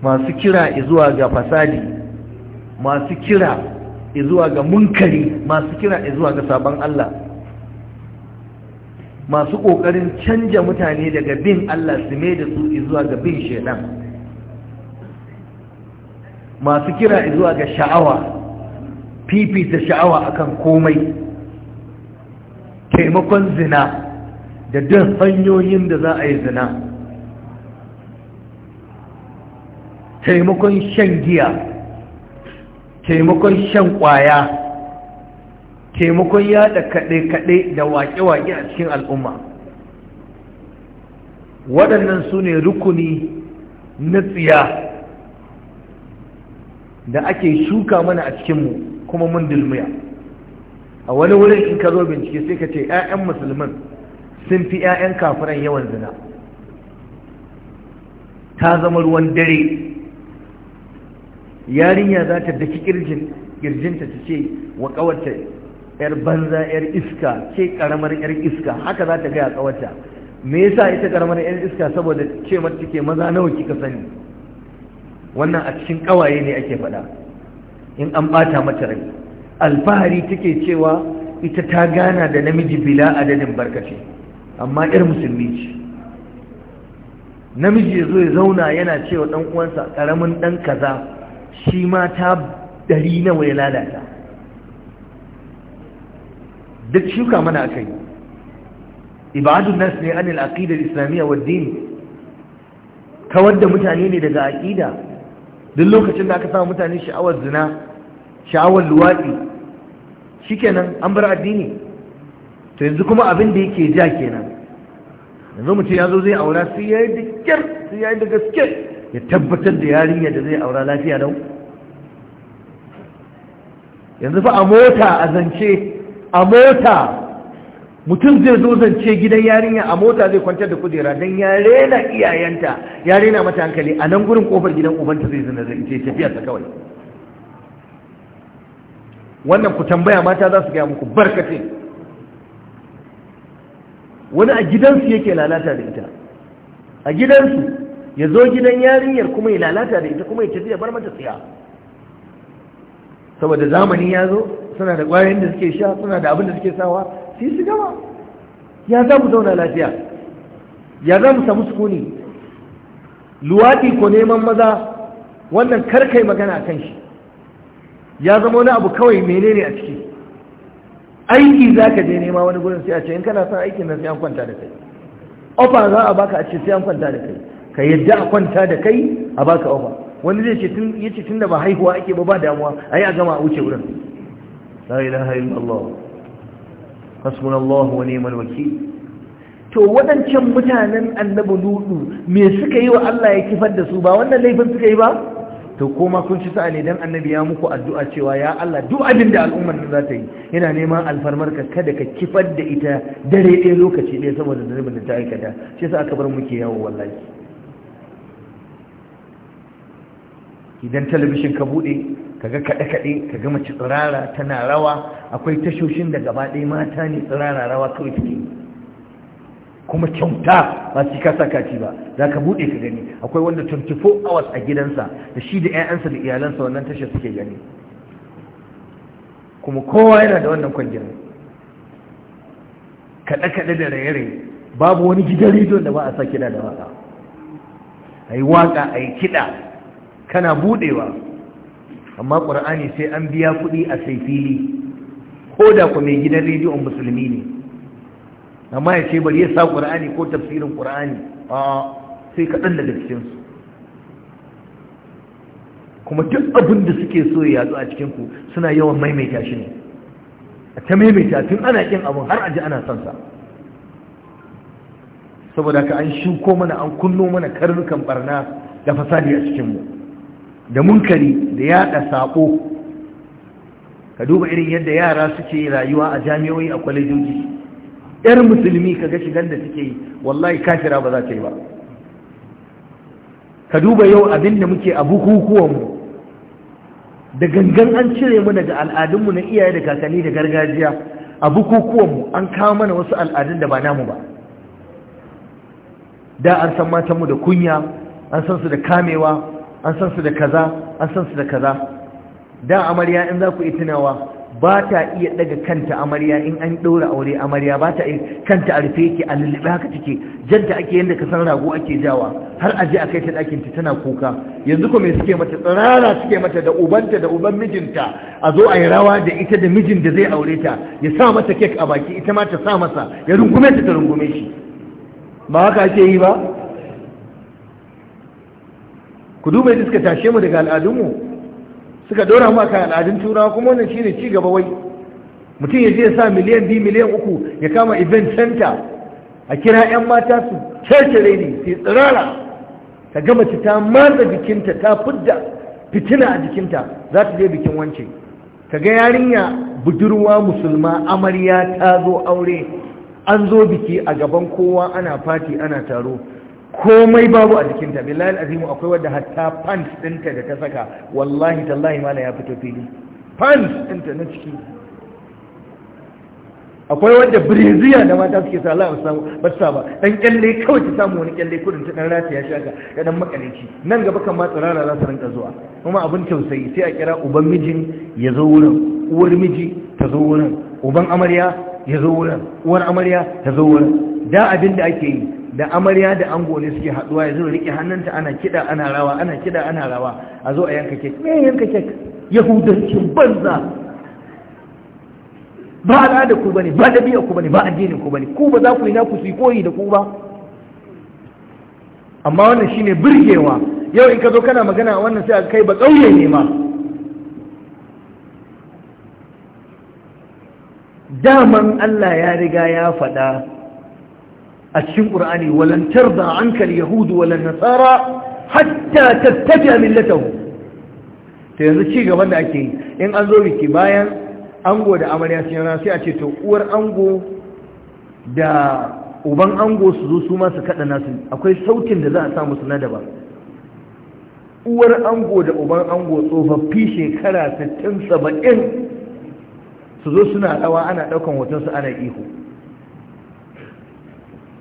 masu kira zuwa ga fasadi masu kira zuwa ga munkari masu kira zuwa ga sabon Allah masu ƙoƙarin canja mutane daga bin Allah su mai da su izuwa ga bin shaidan masu kira zuwa ga sha'awa fifita sha'awa akan komai taimakon zina da duk hanyoyin da za a yi zina taimakon shan giya taimakon shan ƙwaya taimakon yaɗa kaɗe-kaɗe da waƙe-waƙe a cikin al'umma waɗannan su ne rukuni na tsiya da ake shuka mana a cikinmu kuma mun dulmiya a wani wurin in ka zo bincike sai ka ce 'ya'yan musulman sun fi 'ya'yan kafiran yawan zina ta zama ruwan dare yarinya za ta daki kirjinta ta ce wa kawarta yar banza yar iska ke karamar yar iska haka za ta gaya kawarta me yasa ita karamar yar iska saboda ce mata ke maza nawa kika sani wannan a cikin kawaye ne ake faɗa in an bata mata rai alfahari take cewa ita ta gana da namiji bila adadin barkace amma yar musulmi ce namiji ya zo ya zauna yana cewa ɗan uwansa ƙaramin ɗan kaza shi ma ta dari nawa ya lalata duk shuka mana aka yi ibadun nas ne anil aqidar islamiyya wa din kawar da mutane ne daga aƙida, duk lokacin da aka samu mutane sha'awar zina sha'awar luwaɗi shikenan an bar addini to yanzu kuma abin da yake ja kenan yanzu mutum ya zo zai aura sai ya yi da kyar sai ya yi da gaske ya tabbatar da yarinya da zai aura lafiya lau yanzu fa a mota a zance a mota mutum zai zo zance gidan yarinya a mota zai kwantar da kujera don ya rena iyayenta ya rena mata hankali a nan gurin kofar gidan ubanta zai zina zai tafiya ta kawai wannan ku tambaya mata za su gaya muku barkace wani a gidansu yake lalata da ita a gidansu ya zo gidan yarinyar kuma ya lalata da ita kuma ya tafiya bar mata tsaya saboda zamani ya zo suna da ƙwayoyin da suke sha suna da abin da suke sawa sai su gama ya za mu zauna lafiya ya za mu samu sukuni luwaɗi ko neman maza wannan karkai magana a kan shi ya zama wani abu kawai menene a ciki aiki za ka je nema wani gurin sai a ce in kana son aikin nan sai an kwanta da kai ofa za a baka a ce sai an kwanta da kai ka yadda a kwanta da kai a baka ofa wani zai ce tun yace ba haihuwa ake ba ba damuwa yi a gama a wuce wurin la ilaha illallah hasbunallahu wa ni'mal wakeel to waɗancan mutanen annabi ludu me suka yi wa Allah ya kifar da su ba wannan laifin suka yi ba to koma kun ci sa'a ne dan annabi ya muku addu'a cewa ya Allah duk abin da al'ummar nan za ta yi yana neman alfarmarka kada ka kifar da ita dare ɗaya lokaci ɗaya saboda zunubin da ta aikata shi yasa aka bar muke yawo wallahi idan talabishin ka bude kaga kaɗe-kaɗe kaga mace tsirara tana rawa akwai tashoshin da gaba ɗaya mata ne tsirara rawa kawai take kuma kyauta ba su kasa kaci ba za ka buɗe ka gani akwai wanda 24 hours a gidansa da shi da 'ya'yansa da iyalansa wannan tashar suke gani kuma kowa yana da wannan kwangirin kaɗe-kaɗe da raye-raye babu wani gidan rediyon da ba a sa kiɗa da waka. a yi waka, a yi kiɗa kana budewa amma qur'ani sai an biya kuɗi a sai fili ko da ku mai gidan rediyon musulmi ne amma ya ce bari ya sa qur'ani ko tafsirin qur'ani a sai kaɗan daga cikinsu kuma duk abin da suke so ya yatsu a cikinku suna yawan maimaita shi ne a ta maimaita tun ana kin abin har aji ana son sa saboda ka an shuko mana an kunno mana karnukan barna da fasadi a cikinmu da munkari da yada sako ka duba irin yadda yara suke rayuwa a jami'o'i a kwalejoji yar musulmi ka ga shigan da suke yi wallahi kafira ba za ta yi ba ka duba yau abin da muke a bukukuwanmu da gangan an cire mu daga al'adunmu na iyaye da kakanni da gargajiya a bukukuwanmu an kawo mana wasu al'adun da ba namu ba da an san matanmu da kunya an san su da kamewa an san su da kaza an san su da kaza dan amarya in za ku yi tunawa ba ta iya daga kanta amarya in an ɗora aure amarya ba ta iya kanta a rufe yake a lullube haka take janta ake yadda ka san rago ake jawa har a je a kai ta ɗakin ta tana kuka yanzu ko me suke mata tsirara suke mata da ubanta da uban mijinta a zo a yi rawa da ita da mijin da zai aure ta ya sa mata kek a baki ita ma ta sa masa ya rungume ta ta rungume shi ba haka ake yi ba ku duba yadda suka tashe mu daga al'adunmu suka dora mu akan al'adun turawa kuma wannan shine ci gaba wai mutum ya je ya sa miliyan biyu miliyan uku ya kama event center a kira 'yan mata su cercere ne su tsirara ta gama ci ta matsa jikinta ta fidda fitina a jikinta za ta je bikin wance ka ga yarinya budurwa musulma amarya ta zo aure an zo biki a gaban kowa ana fati ana taro komai babu a jikinta billahi al'azimu, akwai wadda hatta pants ɗinta da ta saka wallahi tallahi mala ya fito fili pants ɗinta na ciki akwai wadda breziya da mata suke sa Allah samu ba ba dan kyalle kawai ta samu wani kyalle kudin ta dan rafi ya shaka ga dan makalici nan gaba kan ma tsirara za su rinka zuwa kuma abin tausayi sai a kira uban mijin ya zo wurin uwar miji ta zo wurin uban amarya ya zo wurin uwar amarya ta zo wurin da abin da ake yi da amarya da ango ne suke haduwa ya zo rike hannunta ana kida ana rawa ana kida ana rawa a zo a yanka kek me yanka kek yahudancin banza ba al'ada ku bane ba dabi'a ku bane ba addinin ku bane ku ba za ku yi naku su yi koyi da ku ba amma wannan shine birgewa yau in ka zo kana magana a wannan sai a kai ba kauye ne ma daman Allah ya riga ya faɗa a cikin ƙur'ani walantar da hankali Yahudu yahud nasara hatta tattaja millatahu ta yanzu ci gaban da ake yi in an zo biki bayan ango da amarya sun yana sai a ce to uwar ango da uban ango su zo su ma su nasu akwai sautin da za a sa musu na daban uwar ango da uban ango tsofaffi shekara 60 70 su zo suna rawa ana ɗaukan hoton su ana ihu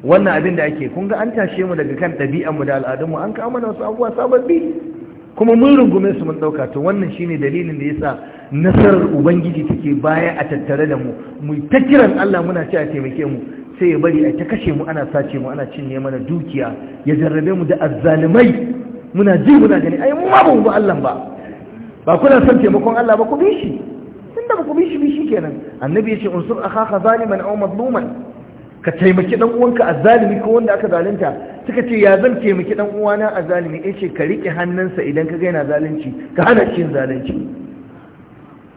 wannan abin da ake kun ga an tashe mu daga kan ɗabi'anmu da al'adunmu an kawo mana wasu abubuwa sababbi kuma mun rungume su mun ɗauka to wannan shine dalilin da ya sa nasarar ubangiji take baya a tattare da mu mu ta kiran Allah muna ci a taimake mu sai ya bari a ta kashe mu ana sace mu ana cinye mana dukiya ya jarrabe mu da azzalumai muna ji muna gani ai mu ma ba mu ba Allah ba ba kuna son taimakon Allah ba ku bi shi tunda ba ku bi shi bi shi kenan annabi ya ce unsur akhaka zaliman aw madluman ka taimaki dan uwanka a zalimi ko wanda aka zalunta suka ce ya zan taimaki dan uwana a zalimi ya ce ka riƙe hannunsa idan ka gaina zalunci ka hana shi zalunci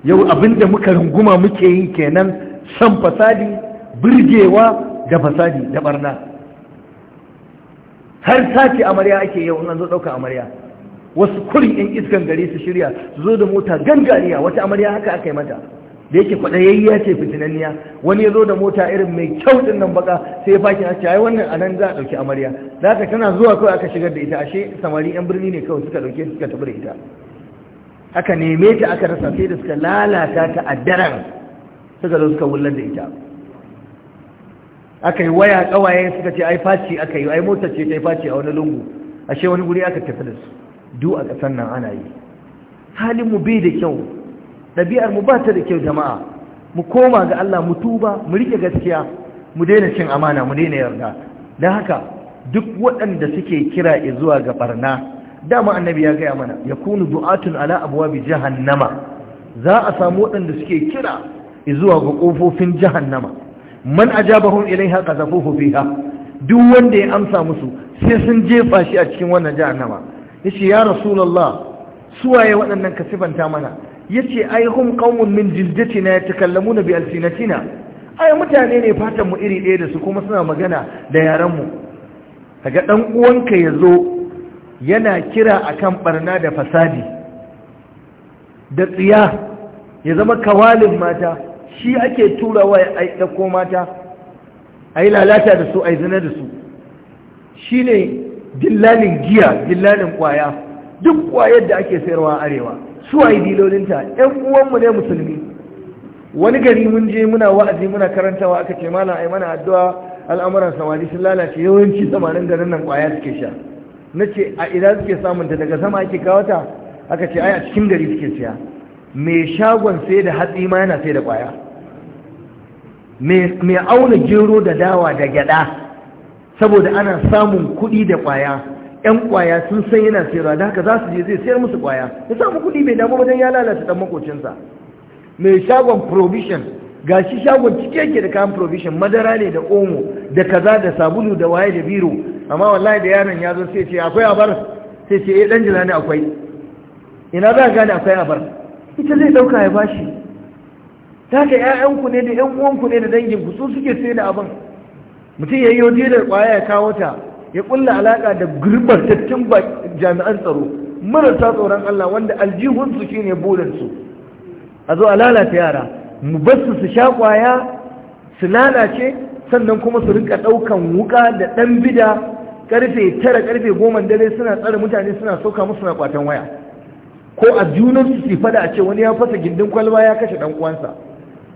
yau abinda muka runguma muke yi kenan san fasadi birgewa da fasadi da barna har sati amarya ake yau in an zo ɗauka amarya wasu kurin yan iskan gari su shirya su zo da mota gangariya wata amarya haka aka yi mata da yake kwaɗayayya ce fitinanniya wani ya zo da mota irin mai kyau din nan baka sai ya fakin ake ai wannan anan za a ɗauki amarya da ka tana zuwa kawai aka shigar da ita ashe samari yan birni ne kawai suka ɗauke suka tafi ita aka neme ta aka rasa sai da suka lalata ta a suka zo suka wullar da ita aka yi waya kawaye suka ce ai faci aka yi ai motar ce ta yi faci a wani lungu ashe wani guri aka tafi da su du a ƙasar nan ana yi halin mu bai da kyau ɗabi'ar mu ba ta da kyau jama'a mu koma ga Allah mu tuba mu rike gaskiya mu daina cin amana mu daina yarda don haka duk waɗanda suke kira zuwa ga barna dama annabi ya gaya mana ya kunu du'atun ala abwabi jahannama za a samu waɗanda suke kira zuwa ga ƙofofin jahannama man ajabahum ilaiha qazafuhu ha, duk wanda ya amsa musu sai sun jefa shi a cikin wannan jahannama yace ya rasulullah suwaye waɗannan ka sifanta mana yace ai hum qaumun min jildatina yatakallamuna bi alsinatina ai mutane ne fatan mu iri ɗaya da su kuma suna magana da yaran mu kaga dan uwanka yazo yana kira akan barna da fasadi da tsiya ya zama kawalin mata shi ake turawa ya dauko mata ai lalata da su ai zina da su shine dillalin giya dillalin kwaya duk kwayar da ake sayarwa arewa suwaye dilolinta yan uwanmu ne musulmi wani gari mun je muna wa'azi muna karantawa aka ce mana ai mana addu'a al'amuran samari sun lalace yawanci samanin garin nan kwaya suke sha na ce a idan suke samun daga sama ake kawo ta aka ce ai a cikin gari suke siya mai shagon sai da hatsi ma yana sai da kwaya mai auna gero da dawa da gyada saboda ana samun kuɗi da kwaya yan kwaya sun san yana sayarwa da haka za su je zai sayar musu kwaya ya samu kuɗi mai damu wajen ya lalata dan makocinsa mai shagon provision gashi shagon cike yake da kayan provision madara ne da omo da kaza da sabulu da waye da biro amma wallahi da yaron ya zo sai ce akwai abar sai ce eh dan jira ne akwai ina za gane akwai abar ita zai dauka ya bashi ta ka ƴaƴanku ne da ƴan uwanku ne da danginku su suke sai da abin mutum ya yi yau da kwaya ya kawo ta ya kulla alaka da gurbatattun jami'an tsaro marasa tsoron Allah wanda aljihunsu shine burinsu a zo a lalata yara mu basu su sha kwaya su lalace sannan kuma su rinka daukan wuka da dan bida karfe tara karfe goma dare suna tsare mutane suna sauka musu na kwatan waya ko a junan su su fada a ce wani ya fasa gindin kwalba ya kashe dan uwansa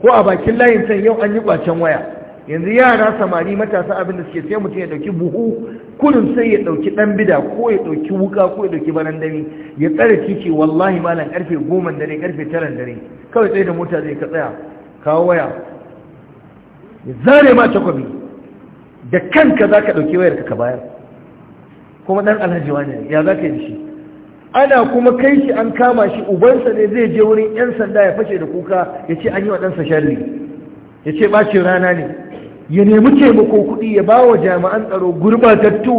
ko a bakin layin can yau an yi kwacen waya yanzu yara samari matasa abin da suke sai mutum ya dauki buhu kullum sai ya dauki dan bida ko ya dauki wuka ko ya dauki barandami ya tsare titi wallahi malam karfe 10 dare karfe 9 dare kawai sai da mota zai ka tsaya kawo waya ya zare ma takobi da kanka zaka dauki wayar ka bayar kuma dan alhaji wani ya zaka yi shi ana kuma kai shi an kama shi ubansa ne zai je wurin yan sanda ya fashe da kuka ya ce an yi wa ɗansa sharri ya ce ɓacin rana ne ya nemi taimako kuɗi ya ba wa jami'an tsaro gurbatattu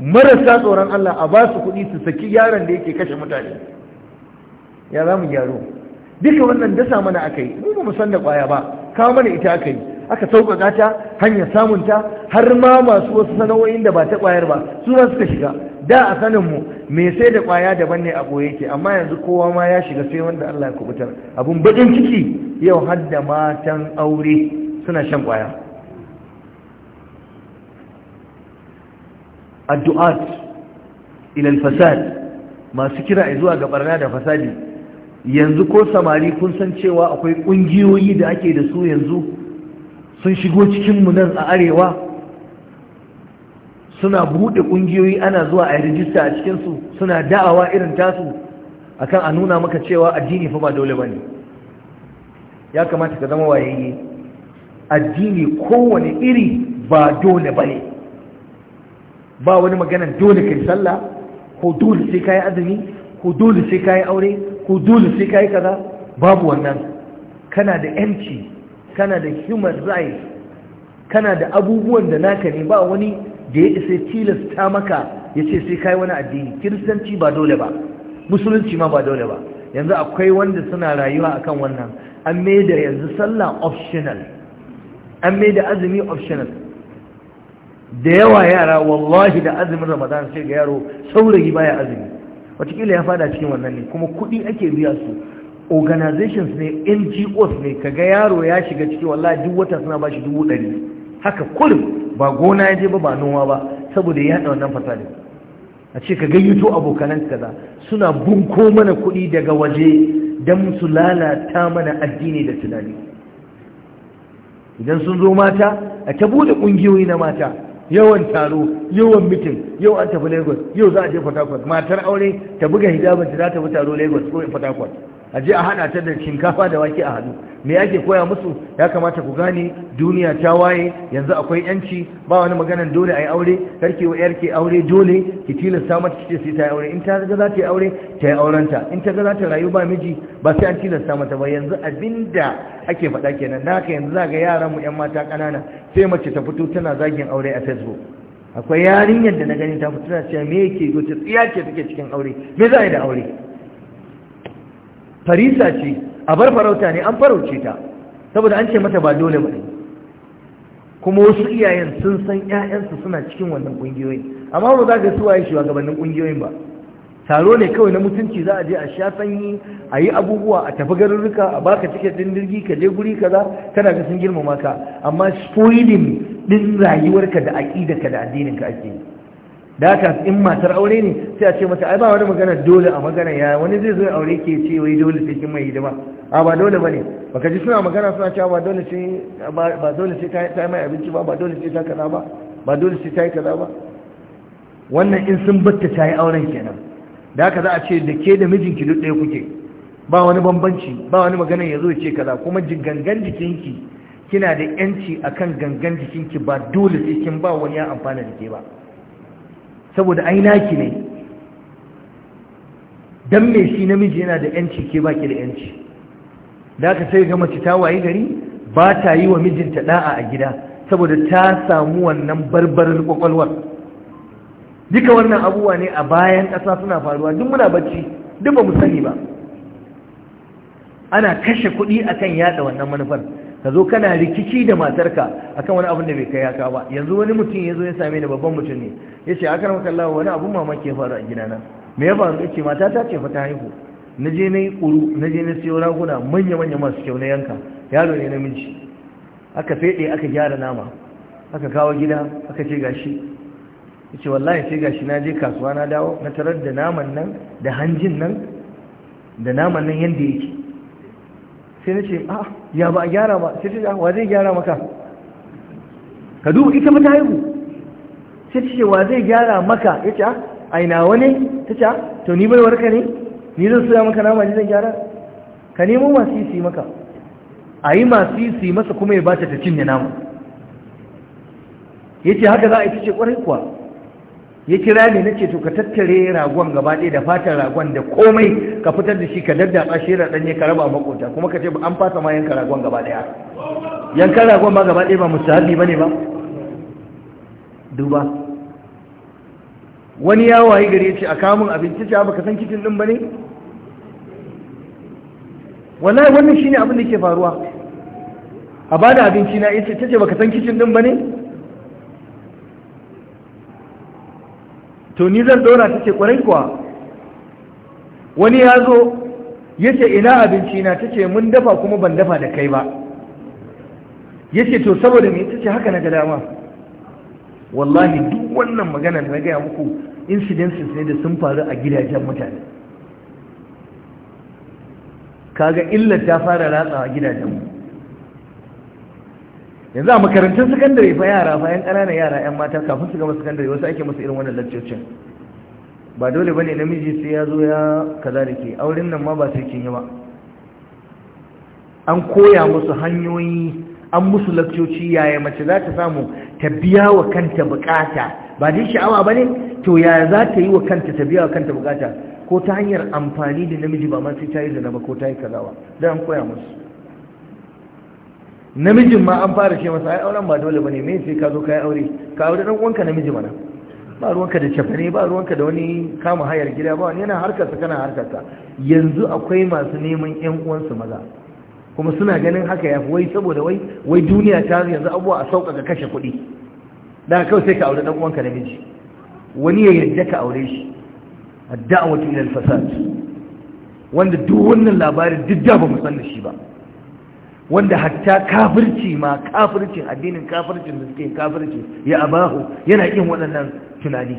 marasa tsoron Allah a ba su kuɗi su saki yaron da yake kashe mutane ya za mu gyaro duka wannan dasa mana aka yi mu ba mu san da ƙwaya ba kawo mana ita aka yi aka sauƙaƙa ta hanyar samun ta, har ma masu wasu sana'o'in da ba ta ƙwayar ba su ma suka shiga da a mu me sai da ƙwaya daban ne a ɓoye yake amma yanzu kowa ma ya shiga sai wanda Allah ya kubutar abun baƙin ciki yau har da matan aure suna shan ƙwaya addu'at ila fasad masu kira zuwa ga barna da fasadi yanzu ko samari kun san cewa akwai ƙungiyoyi da ake da su yanzu sun shigo cikin mu nan a arewa suna buɗe ƙungiyoyi ana zuwa a rijista a cikinsu suna da'awa irin tasu akan a nuna maka cewa addini fa ba dole ba ya kamata ka zama wayayye addini kowane iri ba dole bane ba wani magana dole kai sallah ko dole sai kai azumi ko dole sai kai aure ko dole sai kai kaza babu wannan kana da yanci kana da human rights kana da abubuwan da naka ne ba wani da ya isa tilasta maka ya ce sai kai wani addini kiristanci ba dole ba musulunci ma ba dole ba yanzu akwai wanda suna rayuwa akan wannan an mai da yanzu sallah optional an mai da azumi optional da yawa yara wallahi da azumin ramadan sai ga yaro saurayi baya azumi watakila ya fada cikin wannan ne kuma kuɗi ake biya su organizations ne ngos ne ga yaro ya shiga ciki wallahi duk wata suna bashi dubu ɗari haka kullum ba gona ya je ba ba noma ba saboda ya haɗa wannan fasali a ce ka gayyato abokanan kaza suna bunko mana kuɗi daga waje don su lalata mana addini da tunani idan sun zo mata a ta bude ƙungiyoyi na mata yawan taro yawan mitin yau an tafi lagos yau za a je Fatakwas. matar aure ta buga hijabin za ta fi taro lagos ko Fatakwas. a je a hada ta da shinkafa da wake a hannu me ake koya musu ya kamata ku gane duniya ta waye yanzu akwai yanci ba wani maganan dole a yi aure karki wa 'yar ke aure dole ki tilasta mata ce sai ta yi aure in ta ga za ta yi aure ta yi aurenta in ta ga za ta rayu ba miji ba sai an tilasta mata ba yanzu abinda ake faɗa kenan naka haka yanzu za ga yaran mu yan mata ƙanana sai mace ta fito tana zagin aure a facebook akwai yarinyar da na gani ta fito tana cewa me yake goce tsiya ce take cikin aure me za a yi da aure farisa ce a bar farauta ne an farauce ta saboda an ce mata ba dole ba kuma wasu iyayen sun san ƴaƴansu suna cikin wannan kungiyoyin amma ba za ka su waye shugabannin kungiyoyin ba taro ne kawai na mutunci za a je a sha sanyi a yi abubuwa a tafi garurruka a baka tiket din jirgi ka je guri kaza kana ga sun girmama ka amma spoiling din rayuwarka da aqidarka da addininka ake yi da haka in matar aure ne sai a ce mata ai ba wani magana dole a magana ya wani zai zo aure ke ce wai dole sai kin mai hidima a ba dole bane baka ji suna magana suna cewa ba dole sai ba dole sai ta mai abinci ba ba dole sai ta kaza ba ba dole sai ta yi kaza ba wannan in sun batta ta yi auren kenan da haka za a ce da ke da mijinki duk ɗaya kuke ba wani bambanci ba wani magana ya zo ce kaza kuma gangan jikinki kina da yanci akan gangan jikinki ba dole sai kin ba wani ya amfana da ke ba saboda ai naki ne dan me shi namiji yana da yanci ke baki da yanci da aka sai ga mace ta wayi gari ba ta yi wa mijinta da'a a gida saboda ta samu wannan barbarar kwakwalwar duka wannan abubuwa ne a bayan ƙasa suna faruwa duk muna bacci duk ba mu sani ba ana kashe kuɗi akan yada wannan manufar ka zo kana rikici da matarka akan wani abin da bai kai haka ba yanzu wani mutum ya zo ya same ni babban mutum ne ya ce akar makallawa wani abin mamaki ya faru a na? me ya faru ya ce mata ta ce fa haihu na je na yi ƙuru na je na siyo raguna manya-manya masu kyau na yanka yaro ne namiji aka feɗe aka gyara nama aka kawo gida aka ce gashi ya ce wallahi ce gashi na je kasuwa na dawo na tarar da naman nan da hanjin nan da naman nan yadda yake sai na ce a ah, ya ba a gyara ba sai ta ce ah, wa zai gyara maka ka duba ita mata haihu sai ta ce wa zai gyara maka ya ce ah, a ina wani ta ce to ni bai warka ne ni zan soya maka nama ni zan gyara ka nemo masu yi maka a yi masu yi masa kuma ya bata ta cinye nama ya ce haka za a yi ta ce kwarai kuwa ya kira ni na ce to ka tattare ragon gaba ɗaya da fatan ragon da komai ka fitar da shi ka dadda shi da ɗanye ka raba makota kuma ka ce an fasa ma yanka ragon gaba ɗaya yankan ragon ba gaba ɗaya ba musahabi ba ne ba duba wani ya wayi gari ya ce a kamun abinci ce ba ka san kicin ɗin ba ne wallahi wannan shine abin da ke faruwa a bada abinci na ya ce ta ce ba ka san kicin ɗin ba ne to ni zan dora ta ce kwarai kuwa wani ya zo ya ce ina abinci na ta ce mun dafa kuma ban dafa da kai ba ya ce to saboda me ta ce haka na ga dama wallahi duk wannan magana da na gaya muku incidences ne da sun faru a gidajen mutane kaga illar ta fara ratsawa gidajenmu yanzu a makarantun sakandare fa yara fa yan ƙananan yara yan mata kafin su gama sakandare wasu ake musu irin wannan lakcocin ba dole bane namiji sai ya zo ya kaza da ke auren nan ma ba sai kin yi ba an koya musu hanyoyi an musu lakcoci yaya mace za ta samu ta biya wa kanta bukata ba dai sha'awa bane to yaya za ta yi wa kanta ta biya wa kanta bukata ko ta hanyar amfani da namiji ba ma sai ta yi zina ba ko ta yi kazawa dan an koya musu namijin ma an fara ce masa ai auren ba dole bane me sai ka zo kai aure ka aure dan uwanka namiji mana ba ruwanka da cefane ba ruwanka da wani kama hayar gida ba wani yana harkarsa kana harkarsa yanzu akwai masu neman yan uwansu maza kuma suna ganin haka yafi wai saboda wai wai duniya ta yanzu abuwa a sauƙaƙa kashe kuɗi da kawai sai ka aure dan uwanka namiji wani ya yarda ka aure shi ad-da'watu ila al-fasad wanda duk wannan labarin duk da ba mu san shi ba wanda hatta kafirci ma kafircin addinin kafircin da suke kafirci ya abahu yana yin waɗannan tunani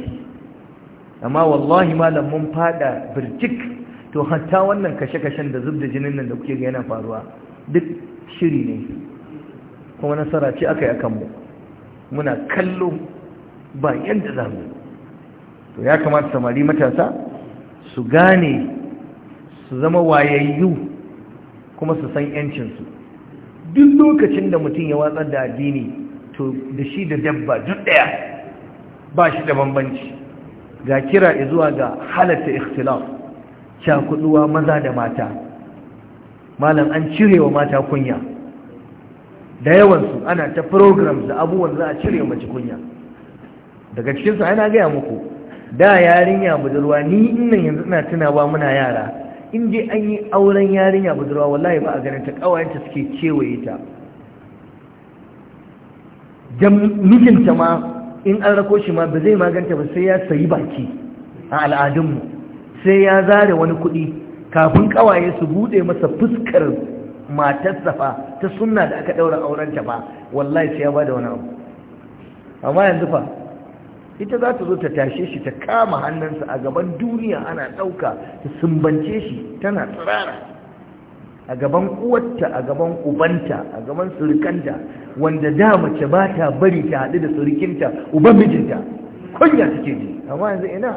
amma wallahi malam mun fada birtik to hatta wannan kashe-kashen da zub da jinin nan da kuke ga yana faruwa duk shiri ne kuma nasara ce aka yi akan mu muna kallo ba yadda za mu to ya kamata samari matasa su gane su zama wayayyu kuma su san 'yancinsu duk lokacin da mutum ya watsar da addini to da shi da dabba duk daya ba shi da bambanci ga kira zuwa ga halatta ikhtilaf cakuduwa maza da mata malam an cire wa mata kunya da yawansu ana ta programs da abubuwan za a cire mace kunya daga cikinsu ana gaya muku da yarinya budurwa ni innan yanzu ina tunawa muna yara in je an yi auren yarinya budurwa wallahi ba a ganin ta kawayenta suke kewaye ta mijinta ma in an rako shi ma ba zai maganta ba sai ya sayi baki a al'adunmu sai ya zare wani kuɗi kafin kawaye su buɗe masa fuskar matarsa fa ta sunna da aka ɗaura aurenta ba wallahi sai ya ba da wani abu amma yanzu fa ita za ta zo ta tashe shi ta kama hannunsa a gaban duniya ana ɗauka ta sumbance shi tana tsara a gaban uwarta a gaban ubanta a gaban surkanta wanda da mace ba ta bari ta haɗu da surkinta uban mijinta kunya suke ji amma yanzu ina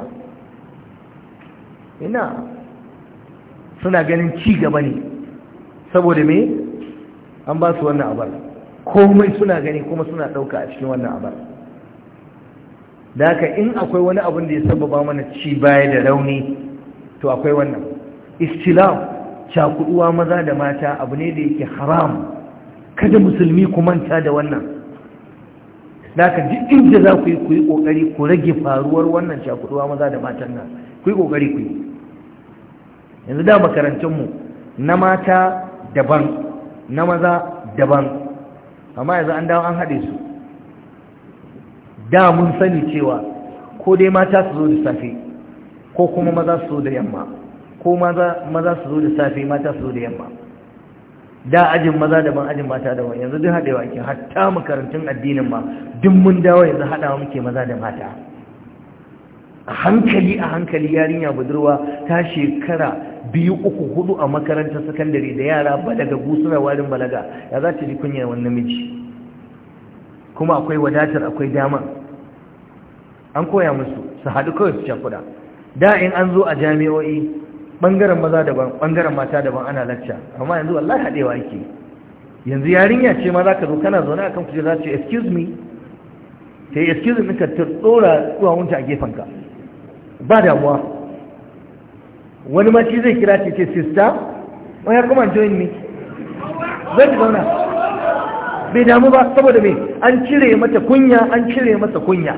ina suna ganin ci gaba ne saboda me an ba su wannan abar komai suna gani kuma suna ɗauka a cikin wannan abar da haka in akwai wani abin da ya sababa mana ci baya da rauni to akwai wannan istilam cakuduwa maza da mata abu ne da yake haram kada musulmi ku manta da wannan da haka duk inda za ku yi ku yi kokari ku rage faruwar wannan cakuduwa maza da matan nan ku yi kokari ku yanzu da makarantunmu na mata daban na maza daban amma yanzu an dawo an haɗe su da mun sani cewa ko dai mata su zo da safe ko kuma maza su zo da yamma ko maza su zo da safe mata su zo da yamma da ajin maza daban ajin mata daban yanzu duk haɗewa ke hatta makarantun addinin ma duk mun dawo yanzu haɗawa muke maza da mata a hankali a hankali yarinya budurwa ta shekara biyu uku hudu a makarantar sakandare da yara balaga gusura warin balaga ya za ta ji kunyar wani namiji kuma akwai wadatar akwai dama an koya musu su haɗu kawai su cakuɗa da in an zo a jami'o'i ɓangaren maza daban ɓangaren mata daban ana lacca amma yanzu wallahi haɗewa yake yanzu yarinya ce ma za ka zo kana zaune a kan kuje za ce excuse me ta yi excuse me ka ta tsora duwawunta a gefenka ba damuwa wani ma shi zai kira ce ce sista wani ya kuma join me zai ta zauna bai damu ba saboda me an cire mata kunya an cire mata kunya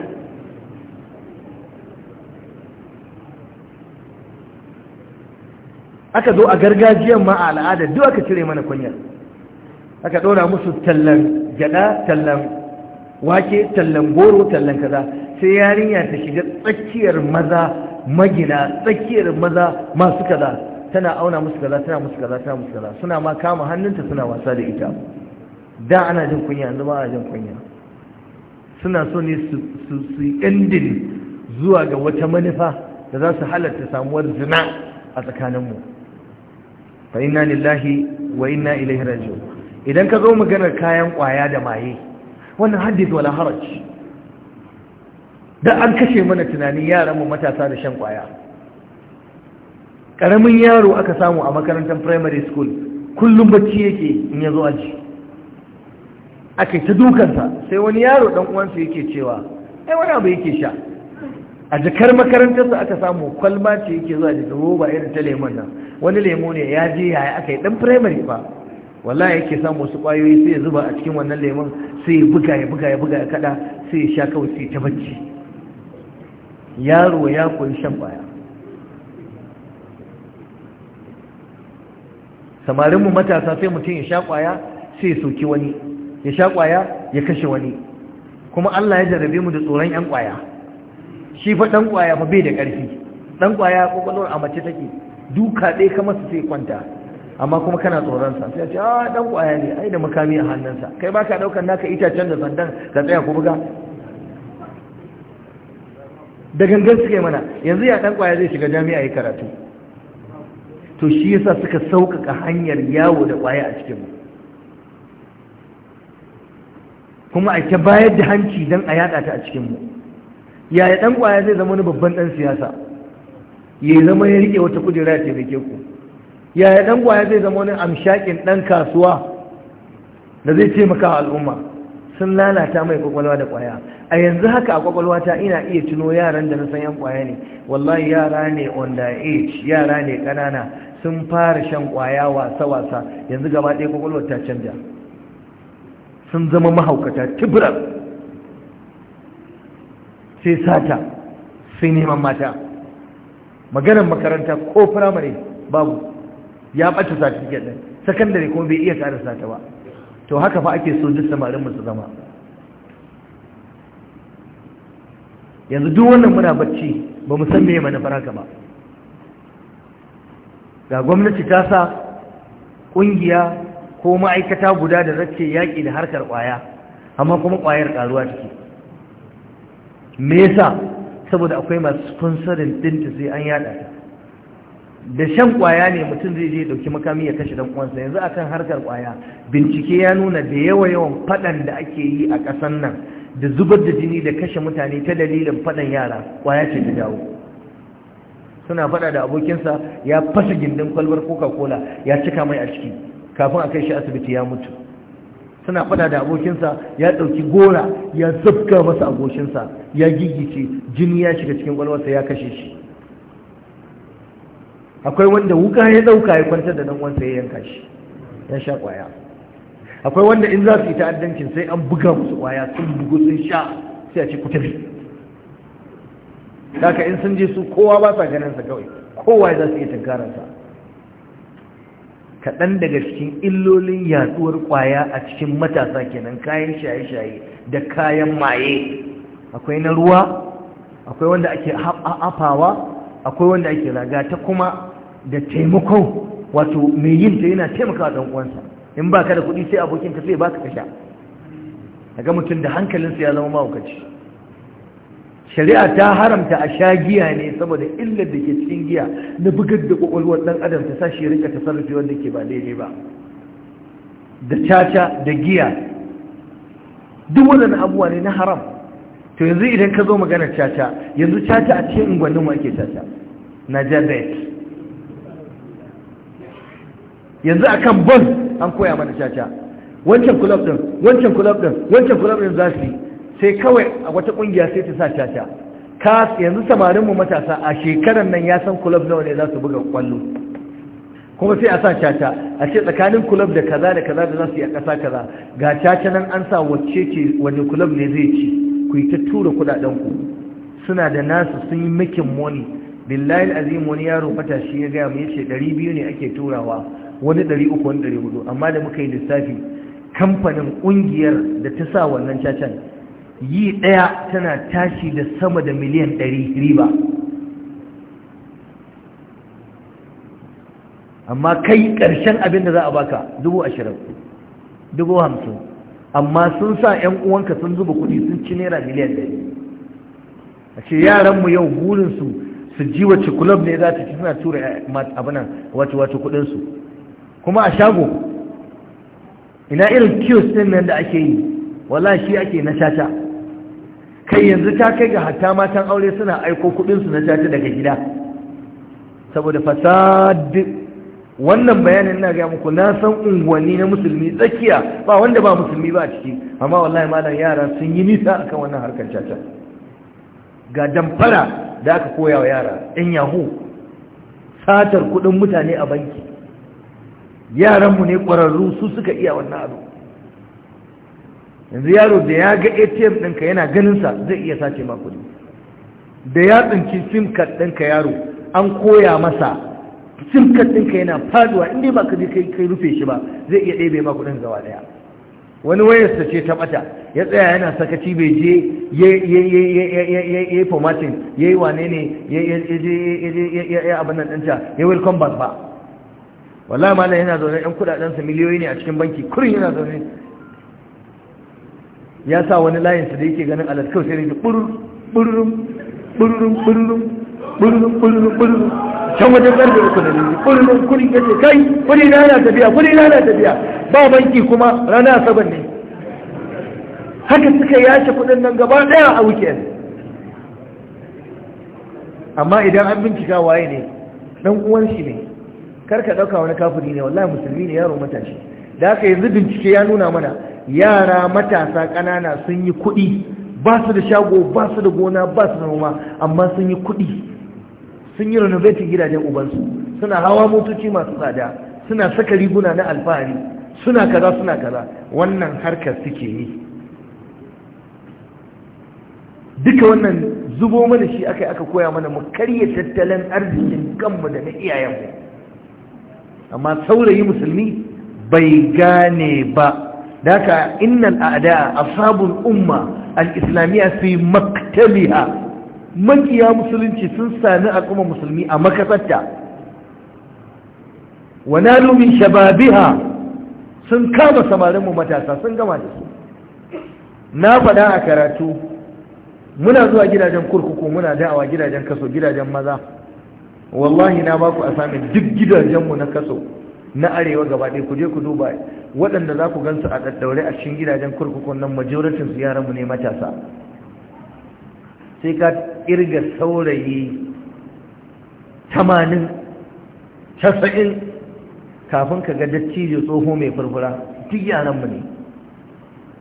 aka zo a gargajiyar ma a al'adar duk aka cire mana kunya aka dora musu tallan gyaɗa tallan wake tallan goro tallan kaza sai yarinya ta shiga tsakiyar maza magina tsakiyar maza masu kaza tana auna musu kaza tana musu kaza tana musu kaza suna ma kama hannunta suna wasa da ita da ana jin kunya yanzu ba a jin kunya suna so ne su yi endin zuwa ga wata manufa da za su halatta samuwar zina a tsakaninmu fa inna lillahi wa inna ilaihi raji'un idan ka zo maganar kayan ƙwaya da maye wannan hadith wala haraj da an kashe mana tunanin yaran mu matasa da shan ƙwaya. karamin yaro aka samu a makarantar primary school kullum bacci yake in yazo aji aka ta dukansa sai wani yaro ɗan uwansa yake cewa ai wani abu yake sha a jakar makarantarsa aka samu kwalba ce yake zuwa da roba irin ta lemon nan wani lemo ne ya je yaya aka yi dan primary ba Wala yake samu wasu kwayoyi sai ya zuba a cikin wannan lemon sai ya buga ya buga ya buga ya kada sai ya sha kawai sai ta bacci yaro ya koyi shan baya samarinmu matasa sai mutum ya sha kwaya sai ya soki wani ya sha kwaya ya kashe wani kuma Allah ya jarabe mu da tsoron 'yan kwaya shi fa ɗan kwaya fa bai da ƙarfi dan kwaya kokolor a mace take duka dai ka masa sai kwanta amma kuma kana tsoron sa sai ce ah dan kwaya ne ai da makami a sa. kai baka daukar naka itacen da sandan ka tsaya ku buga da gangan suke mana yanzu ya dan kwaya zai shiga jami'a yi karatu to shi yasa suka sauƙaƙa hanyar yawo da kwaya a cikin kuma a ke bayar da hanci don a yada ta a cikin mu. yaya ɗan ƙwaya zai zama wani babban ɗan siyasa ya zama ya riƙe wata kujera ya da ku yaya ɗan ƙwaya zai zama wani amshakin ɗan kasuwa da zai taimaka al'umma sun lalata mai kwakwalwa da ƙwaya. a yanzu haka a kwakwalwa ta ina iya tuno yaran da na san yan ƙwaya ne wallahi yara ne on the age yara ne ƙanana. sun fara shan ƙwaya wasa wasa yanzu gaba ɗaya kwakwalwar ta canja sun zama mahaukata tibirar sai sata sai neman mata maganar makaranta ko firamare babu ya ɓata cikin ɗin sakandare kuma bai iya tsara sata ba to haka fa ake so duk samarin su zama yanzu duk wannan muna bacci ba mu san me fara ka ba ga gwamnati ta sa ƙungiya ko ma'aikata guda da zace yaƙi da harkar ƙwaya amma kuma ƙwayar ƙaruwa take me yasa saboda akwai masu sponsorin dinta sai an yada ta da shan kwaya ne mutum zai je dauki makami ya kashe dan uwansa yanzu akan harkar kwaya bincike ya nuna da yawa yawan fadan da ake yi a kasan nan da zubar da jini da kashe mutane ta dalilin fadan yara kwaya ce ta dawo suna fada da abokinsa ya fasa gindin kwalbar coca cola ya cika mai a ciki kafin a kai shi asibiti ya mutu suna fada da abokinsa ya ɗauki gora ya zubka masa abokinsa ya gigice jini ya shiga cikin ƙwalwarsa ya kashe shi akwai wanda wuka ya ɗauka ya kwantar da ɗan'uwansa ya yanka shi ya sha ƙwaya akwai wanda in za su yi ta'addancin sai an buga musu ƙwaya sun bugu sun sha sai a ce ku tafi in sun je su kowa ba sa ganin sa kawai kowa za su iya tunkararsa kaɗan daga cikin illolin yaduwar ƙwaya a cikin matasa kenan kayan shaye-shaye da kayan maye akwai na ruwa akwai wanda ake afawa akwai wanda ake ragata, kuma da taimako wato mai yin ta yana taimakawa ɗan uwansa in ba ka da kuɗi sai abokin ka sai ba ka kasha daga mutum da hankalinsa ya zama mahaukaci shari'a ta haramta a sha giya ne saboda illar da ke cikin giya na bugar da kwakwalwar ɗan adam ta sashi rika sarrafi wanda ke ba daidai ba da caca da giya duk wannan abuwa ne na haram to yanzu idan ka zo maganar caca yanzu caca a cikin unguwannin ake caca na jadait yanzu a kan bol an koya mana caca wancan kulab ɗin wancan kulab ɗin wancan kulab ɗin za su yi sai kawai a wata kungiya sai ta sa caca ka yanzu samarin mu matasa a shekarar nan ya san kulab nawa ne za su buga kwallo kuma sai a sa caca a ce tsakanin kulab da kaza da kaza da za su yi a kasa kaza ga caca nan an sa wacce ce wani kulab ne zai ci ku yi ta tura kuɗaɗen ku suna da nasu sun yi mikin money billahi azim wani yaro matashi ya gaya mu ya ɗari 200 ne ake turawa wani 300 wani 400 amma da muka yi lissafi kamfanin ƙungiyar da ta sa wannan cacan yi ɗaya tana tashi da sama da miliyan ɗari riba amma kai ƙarshen abin da za a baka dubu ashirin dubu hamsin amma sun sa 'yan uwanka sun zuba kuɗi sun ci naira miliyan ɗari a ce yaranmu yau burinsu su ji wacce kulob ne za ta ci suna tura abinan wace-wace kuɗinsu kuma a shago ina irin kiyos ɗin nan da ake yi wala shi ake na shata kai yanzu ta kai ga hatta matan aure suna aiko kuɗinsu na caca daga gida saboda fasad wannan bayanin na ga muku na san unguwanni na musulmi tsakiya ba wanda ba musulmi ba ciki amma wallahi malam yara sun yi nisa akan wannan harkar caca ga damfara da aka koya wa yara in yahu satar kuɗin mutane a banki yaranmu ne ƙwararru su suka iya wannan abu yanzu yaro da ya ga atm ɗinka yana ganin sa zai iya sace ma kuɗi da ya tsinci sim card ɗinka yaro an koya masa sim card ɗinka yana faduwa inda ba ka je kai rufe shi ba zai iya ɗebe ma kuɗin gaba ɗaya wani wayarsa ce ta ɓata ya tsaya yana sakaci bai je ya yi formatting ya yi wane ne ya abin nan ɗinta ya welcome back ba wallahi malam yana zaune ɗan kuɗaɗensa miliyoyi ne a cikin banki kurin yana zaune ya sa wani layin su da yake ganin alat kawai sai da bururum can wajen uku da ne kuri ya ce kai kuri na na tafiya kuri na na tafiya ba banki kuma rana asabar ne haka suka yashe kudin nan gaba ɗaya a amma idan an bincika waye ne dan uwan shi ne karka ɗauka wani kafiri ne wallahi musulmi ne yaro matashi da haka yanzu bincike ya nuna mana yara matasa ƙanana sun yi kuɗi ba su da shago ba su da gona ba su da noma amma sun yi kuɗi sun yi renovating gidajen ubansu suna hawa motoci masu tsada suna saka riguna na alfahari suna kaza suna kaza wannan harkar suke yi duka wannan zubo mana shi aka aka koya mana mu karya tattalin arzikin kanmu da na iyayenmu amma saurayi musulmi bai gane ba daga innal a'da ashabul umma al-islamiyya fi maktabiha. makiya musulunci sun sani kuma musulmi a makasarta wa nalu min shababiha sun kama samarin mu matasa sun gama da su na faɗa a karatu muna zuwa gidajen kurkuku muna da'awa gidajen kaso gidajen maza wallahi na baku a samun duk gidajenmu na kaso na arewa gaba ɗaya ku je ku duba waɗanda za ku gansu a ɗaɗɗaure a cikin gidajen kurkukun nan majoratin yaran mu ne matasa sai ka ƙirga saurayi tamanin casa'in kafin ka ga dattijo tsoho mai furfura duk mu ne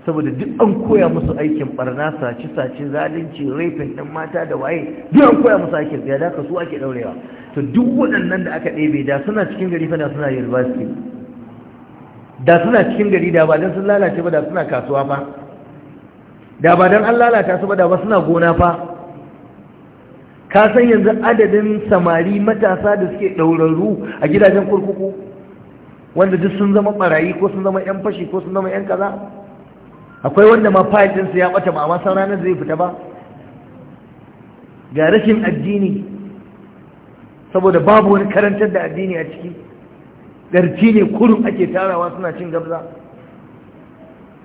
saboda duk an koya musu aikin barna sace sace zalunci raifin din mata da waye duk an koya musu aikin ya daka su ake daurewa to duk waɗannan da aka ɗebe da suna cikin gari fa da suna university da suna cikin gari da ba dan sun lalace ba da suna kasuwa fa da ba dan an lalata su ba da ba suna gona fa ka san yanzu adadin samari matasa da suke ɗaurarru a gidajen kurkuku wanda duk sun zama barayi ko sun zama 'yan fashi ko sun zama 'yan kaza akwai wanda ma fayil ya ɓata ba amma san ranar zai fita ba ga rashin addini saboda babu wani karantar da addini a ciki garci ne kurum ake tarawa suna cin gabza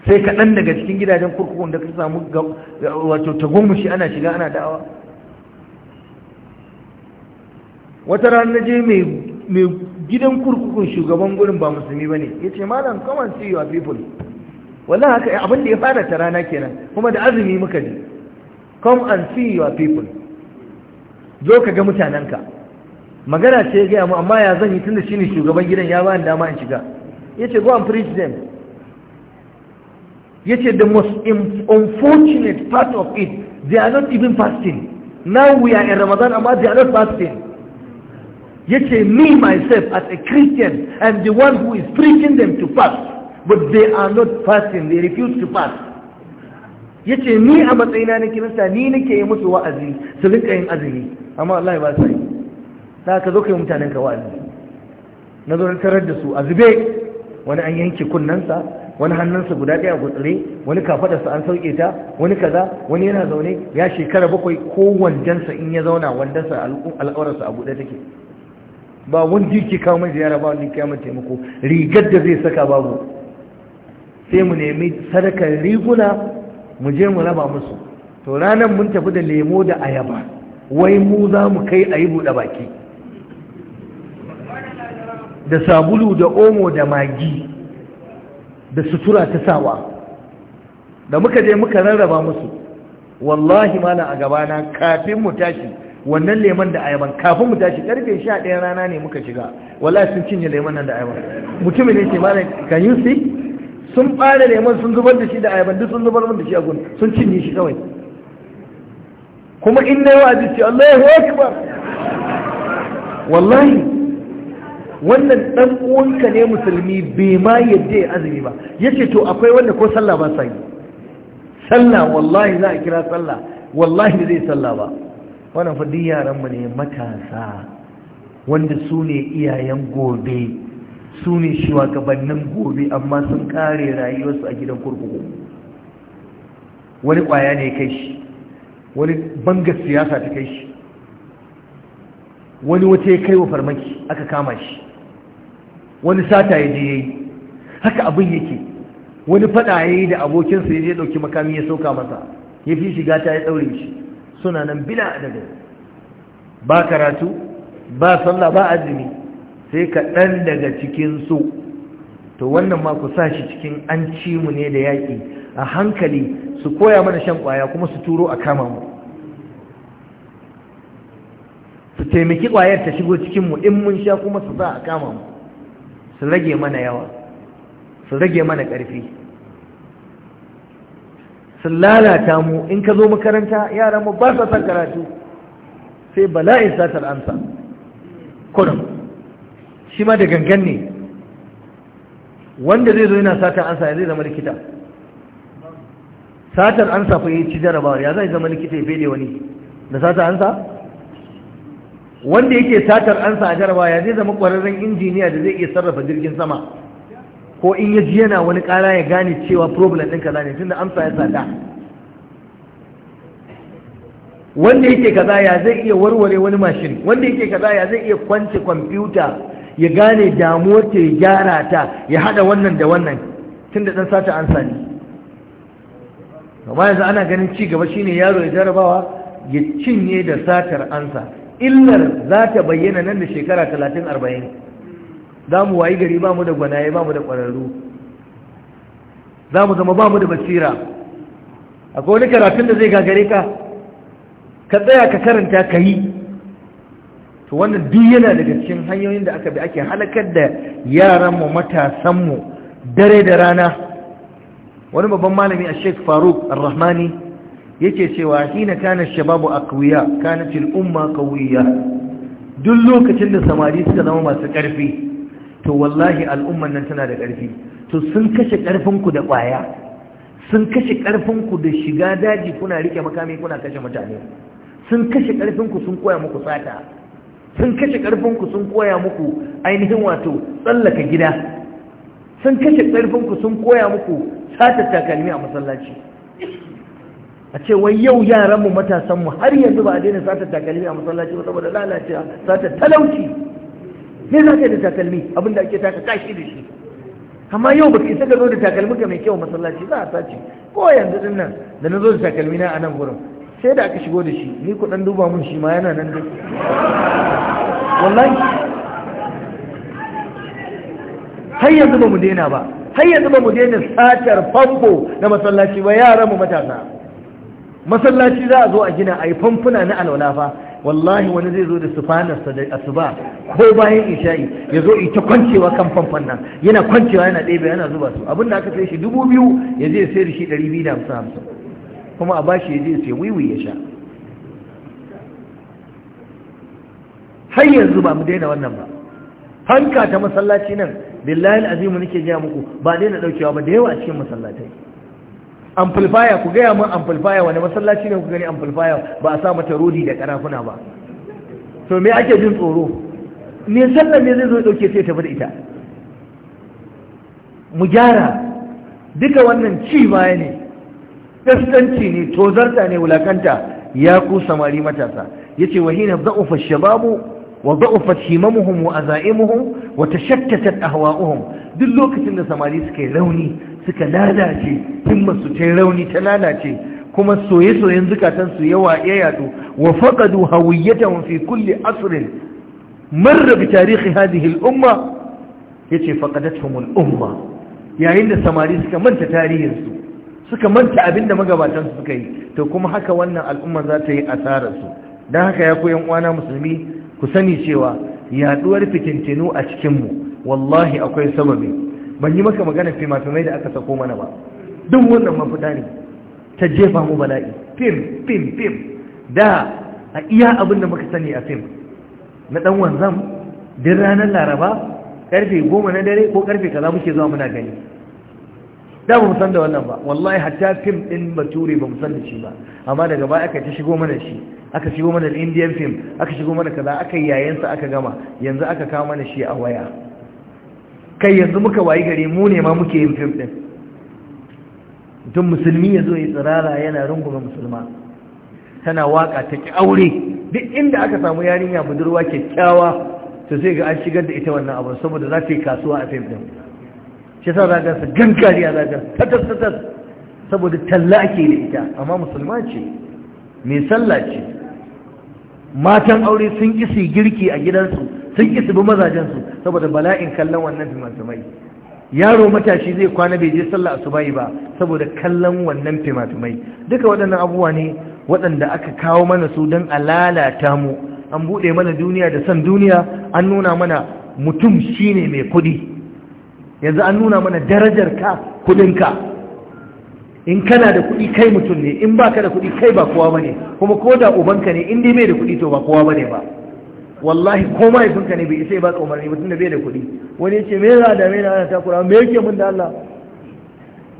sai kaɗan daga cikin gidajen kurkukun da ka samu wato shi ana shiga ana da'awa wata ranar je mai gidan kurkukun shugaban gurin ba musulmi ba ne ya ce malam come and see your people wallahi haka abin da ya fara ta rana kenan kuma da azumi muka ji come and see your people zo ka ga mutanenka magana ce ya gaya mu amma ya zan yi tunda shine shugaban gidan ya bani dama in shiga yace go and preach them yace the most unfortunate part of it they are not even fasting now we are in Ramadan amma they are not fasting yace me myself as a Christian I'm the one who is preaching them to fast but they are not fasting they refuse to fast yace ni a matsayina na kirista ni nake yi musu wa'azi su rinka yin azumi amma wallahi ba sai da ka zo kai mutanen ka wa'azi na tarar da su azube wani an yanke kunnansa wani hannunsa guda ɗaya a gutsire wani kafaɗarsa an sauke ta wani kaza wani yana zaune ya shekara bakwai ko wandansa in ya zauna wandansa al'aurarsa a buɗe take ba wanda yake kawo mai ziyara ba wanda yake taimako rigar da zai saka babu sai mu nemi sadakar riguna mu je mu raba musu to ranar mun tafi da lemo da ayaba wai mu za mu kai a yi buɗe baki da sabulu da omo da magi da sutura ta sawa da muka je muka rarraba musu wallahi mana a gabana kafin mu tashi wannan leman da ayaban kafin mu tashi karfe sha ɗaya rana ne muka shiga wallahi sun cinye leman nan da ayaban mutumin ne ce mana can you see sun ɓare lemon sun zubar da shi da ayaban duk sun zubar da shi a gun sun cinye shi kawai kuma in na yi wa'azi ce Allahu akbar wallahi wannan dan uwanka ne musulmi bai ma yadda ya azumi ba yace to akwai wanda ko sallah ba sa yi sallah wallahi za a kira sallah wallahi zai sallah ba wannan fa yaran mu ne matasa wanda su ne iyayen gobe su ne shugabannin gobe amma sun kare rayuwarsu a gidan kurkuku wani kwaya ne kai shi wani bangar siyasa ta kai shi wani wata ya kai wa farmaki aka kama shi wani sata ya je ya yi haka abin yake wani fada ya yi da abokinsa ya je ɗauki makami ya sauka masa ya fi shiga ta ya daure shi suna nan bila adadin ba karatu ba sallah ba azumi sai kaɗan daga cikinsu to wannan ma ku sa shi cikin an ci mu ne da yaƙi a hankali su koya mana shan ƙwaya kuma su turo a kama mu su taimaki ƙwayar ta shigo cikinmu in mun sha kuma su za a kama mu su rage mana yawa su rage mana ƙarfi su lalata mu in ka zo makaranta yaran mu ba sa son karatu sai bala'in satar amsa kudin shi ma da gangan ne wanda zai zo yana satar ansa ya zai zama likita satar ansa fa yi ci jarabawar ya zai zama likita ya fede wani da satar ansa wanda yake satar ansa a jarabawa ya zai zama kwararren injiniya da zai iya sarrafa jirgin sama ko in ya ji yana wani kara ya gane cewa problem ɗin kaza ne tunda amsa ya sata wanda yake kaza ya zai iya warware wani mashin wanda yake kaza ya zai iya kwance kwamfuta ya gane damuwar ta ya gyara ta ya haɗa wannan da wannan tun da dan sata an sani amma yanzu ana ganin ci gaba shine yaro ya jarabawa ya cinye da satar ansa illar za ta bayyana nan da shekara talatin arba'in za mu wayi gari ba mu da gwanaye ba mu da ƙwararru za mu zama ba mu da basira akwai wani karatun da zai gagare ka ka tsaya ka karanta ka yi to wannan duk yana daga cikin hanyoyin da aka bi ake halakar da yaranmu matasanmu dare da rana wani babban malami a sheik faruk ar-rahmani yake cewa hina kana shababu a kanat al-umma qawiyya duk lokacin da samari suka zama masu karfi to wallahi al'umman nan tana da karfi to sun kashe ƙarfinku da kwaya sun kashe ƙarfinku da shiga daji kuna rike makami kuna kashe mutane sun kashe ƙarfinku sun koya muku sata sun kashe ƙarfinku sun koya muku ainihin wato tsallaka gida sun kashe ƙarfinku sun koya muku sata takalmi a masallaci a ce wai yau yaranmu matasanmu har yanzu ba a daina sata takalmi a masallaci ba saboda lalacewa sata talauci ne za ka yi da takalmi abinda ake taka kashi da shi amma yau baka isa ka zo da takalmi ka mai kyau masallaci za a sace ko yanzu din nan da na zo da takalmi na a nan gurin sai da aka shigo da shi ni ku dan duba mun shi ma yana nan da wallahi har yanzu ba mu daina ba har yanzu ba mu daina satar famfo na masallaci ba yaran mu matasa masallaci za a zo a gina a yi famfuna na alwala fa wallahi wani zai zo da sufanarsa da asuba ko bayan isha'i ya zo ita kwancewa kan famfan nan yana kwancewa yana ɗebe yana zuba su abin da aka sai shi dubu biyu ya je sai da shi ɗari biyu da hamsin hamsin kuma a bashi ya je sai wiwi ya sha har yanzu ba mu daina wannan ba hanka ta masallaci nan billahi azimu nake gaya muku ba daina daukewa ba da yawa a cikin masallatai amplifier ku gaya mun amplifier wani masallaci ne ku gani amplifier ba a sa mata rodi da karafuna ba to me ake jin tsoro me sallar ne zai zo dauke sai tafi da ita mu gyara duka wannan ci baya ne kaskanci ne tozarta ne wulakanta ya ku samari matasa yace wahina dha'ufa ash-shababu wa dha'ufat himamuhum wa azaimuhum wa tashattatat ahwa'uhum duk lokacin da samari suka yi rauni suka lalace himmar su ta rauni ta lalace kuma soye-soyen zukatan su yawa ya yadu wa faqadu hawiyatahum fi kulli asrin marra bi tarihi hadhihi al-umma yace faqadatuhum al-umma yayin da samari suka manta tarihinsu suka manta abinda magabatan suka yi to kuma haka wannan al'umma za ta yi asararsu don haka ya koyan uwana musulmi ku sani cewa yaduwar fikintinu a cikin mu wallahi akwai sababi ban yi maka magana fimafimai da aka sako mana ba duk wannan mafuta ne ta jefa mu bala'i fim fim fim da a iya abin da muka sani a fim na dan wanzam din ranar laraba karfe goma na dare ko karfe kaza muke zuwa muna gani da ba mu san da wannan ba wallahi hatta fim din bature ba mu san da shi ba amma daga baya aka ta shigo mana shi aka shigo mana indian film aka shigo mana kaza aka yayin sa aka gama yanzu aka kawo mana shi a waya kai yanzu muka wayi gare mu ne ma muke yin fim din mutum musulmi ya zo ya tsirara yana rungume musulma tana waka ta ki aure duk inda aka samu yarinya budurwa kyakkyawa to sai ga an shigar da ita wannan abu saboda za ta yi kasuwa a fim din shi sa za su gangariya za ga saboda talla ake da ita amma musulma ce mai sallah ce matan aure sun kisi girki a gidansu sun kisi bi mazajensu saboda bala'in kallon wannan fimafimai yaro matashi zai kwana bai je sallah bayi ba saboda kallon wannan fimafimai duka waɗannan abubuwa ne waɗanda aka kawo mana su don a lalata mu an buɗe mana duniya da san duniya an nuna mana mutum shine mai kuɗi yanzu an nuna mana darajar ka kudinka in kana da kudi kai mutum ne in baka da kudi kai ba kowa bane kuma ko da ubanka ne in dai bai da kudi to ba kowa bane ba wallahi ko mahaifinka ne bai isa ba ka umarni mutum da bai da kudi wani ce me za da me na ta takura me yake mun da Allah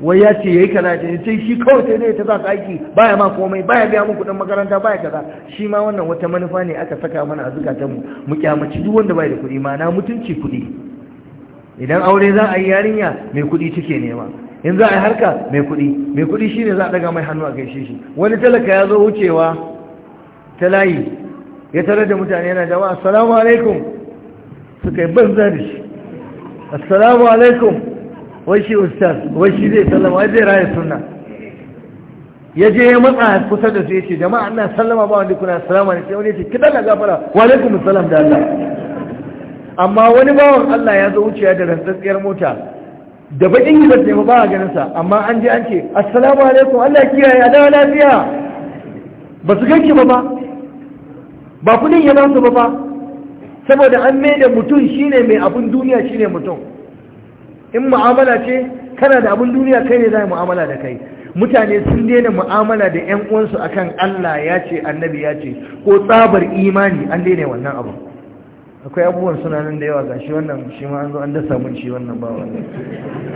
wai ya ce yayi kaza ce sai shi kawai sai ne ta za ka aiki baya ma komai baya biya mu kudin makaranta baya kaza shi ma wannan wata manufa ne aka saka mana a zukatan mu mu kyamaci duk wanda bai da kudi ma na mutunci kudi idan aure za a yi yarinya mai kuɗi take nema in za a yi harka mai kuɗi mai kuɗi shi ne za a ɗaga mai hannu a gaishe shi wani talaka ya zo wucewa ta layi ya tare da mutane yana jama'a assalamu alaikum suka yi banza da shi assalamu alaikum wai shi ustaz wai shi zai sallama wai zai raya sunna ya je ya matsa kusa da su ya ce jama'a ina sallama ba wanda kuna assalamu alaikum wani ya ce kiɗan na gafara wa alaikum assalam da Allah amma wani bawan Allah ya zo wuciya da rantsatsiyar mota da bakin gizar ne ba a ganin amma an je an ce assalamu alaikum Allah kiyaye a dawo lafiya ba su ganki ba ba ba kudin ya ba ba saboda an mai da mutum shine mai abun duniya shine mutum in mu'amala ce kana da abun duniya kai ne za mu'amala da kai mutane sun daina mu'amala da 'yan uwansu akan Allah ya ce annabi ya ce ko tsabar imani an daina wannan abu akwai abubuwan suna nan da yawa ga shi wannan shi ma an zo an dasa mun shi wannan ba wannan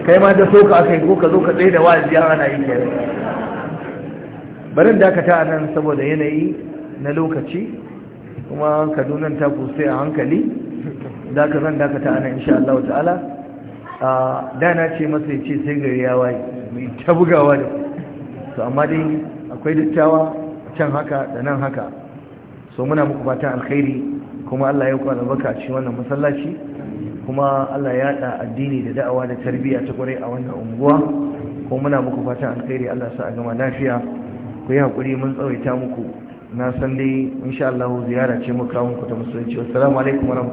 kai ma da so ka aka yi ko ka zo ka tsaye da wa'azi ya ana yi ke barin dakata a nan saboda yanayi na lokaci kuma kadunan ta sai a hankali da ka zan dakata a nan insha Allah ta'ala da na ce masa ya ce sai gari ya waye mai ta bugawa da su amma dai akwai dattawa can haka da nan haka so muna muku fatan alkhairi kuma Allah ya kwana baka ci wannan masallaci kuma Allah ya da addini da da'awa da tarbiyya ta kwarai a wannan unguwa ko muna muku fatan alkhairi Allah sa a gama lafiya ku yi hakuri mun tsawaita muku na san dai insha Allah ziyara ce muka muku ta musulunci assalamu alaikum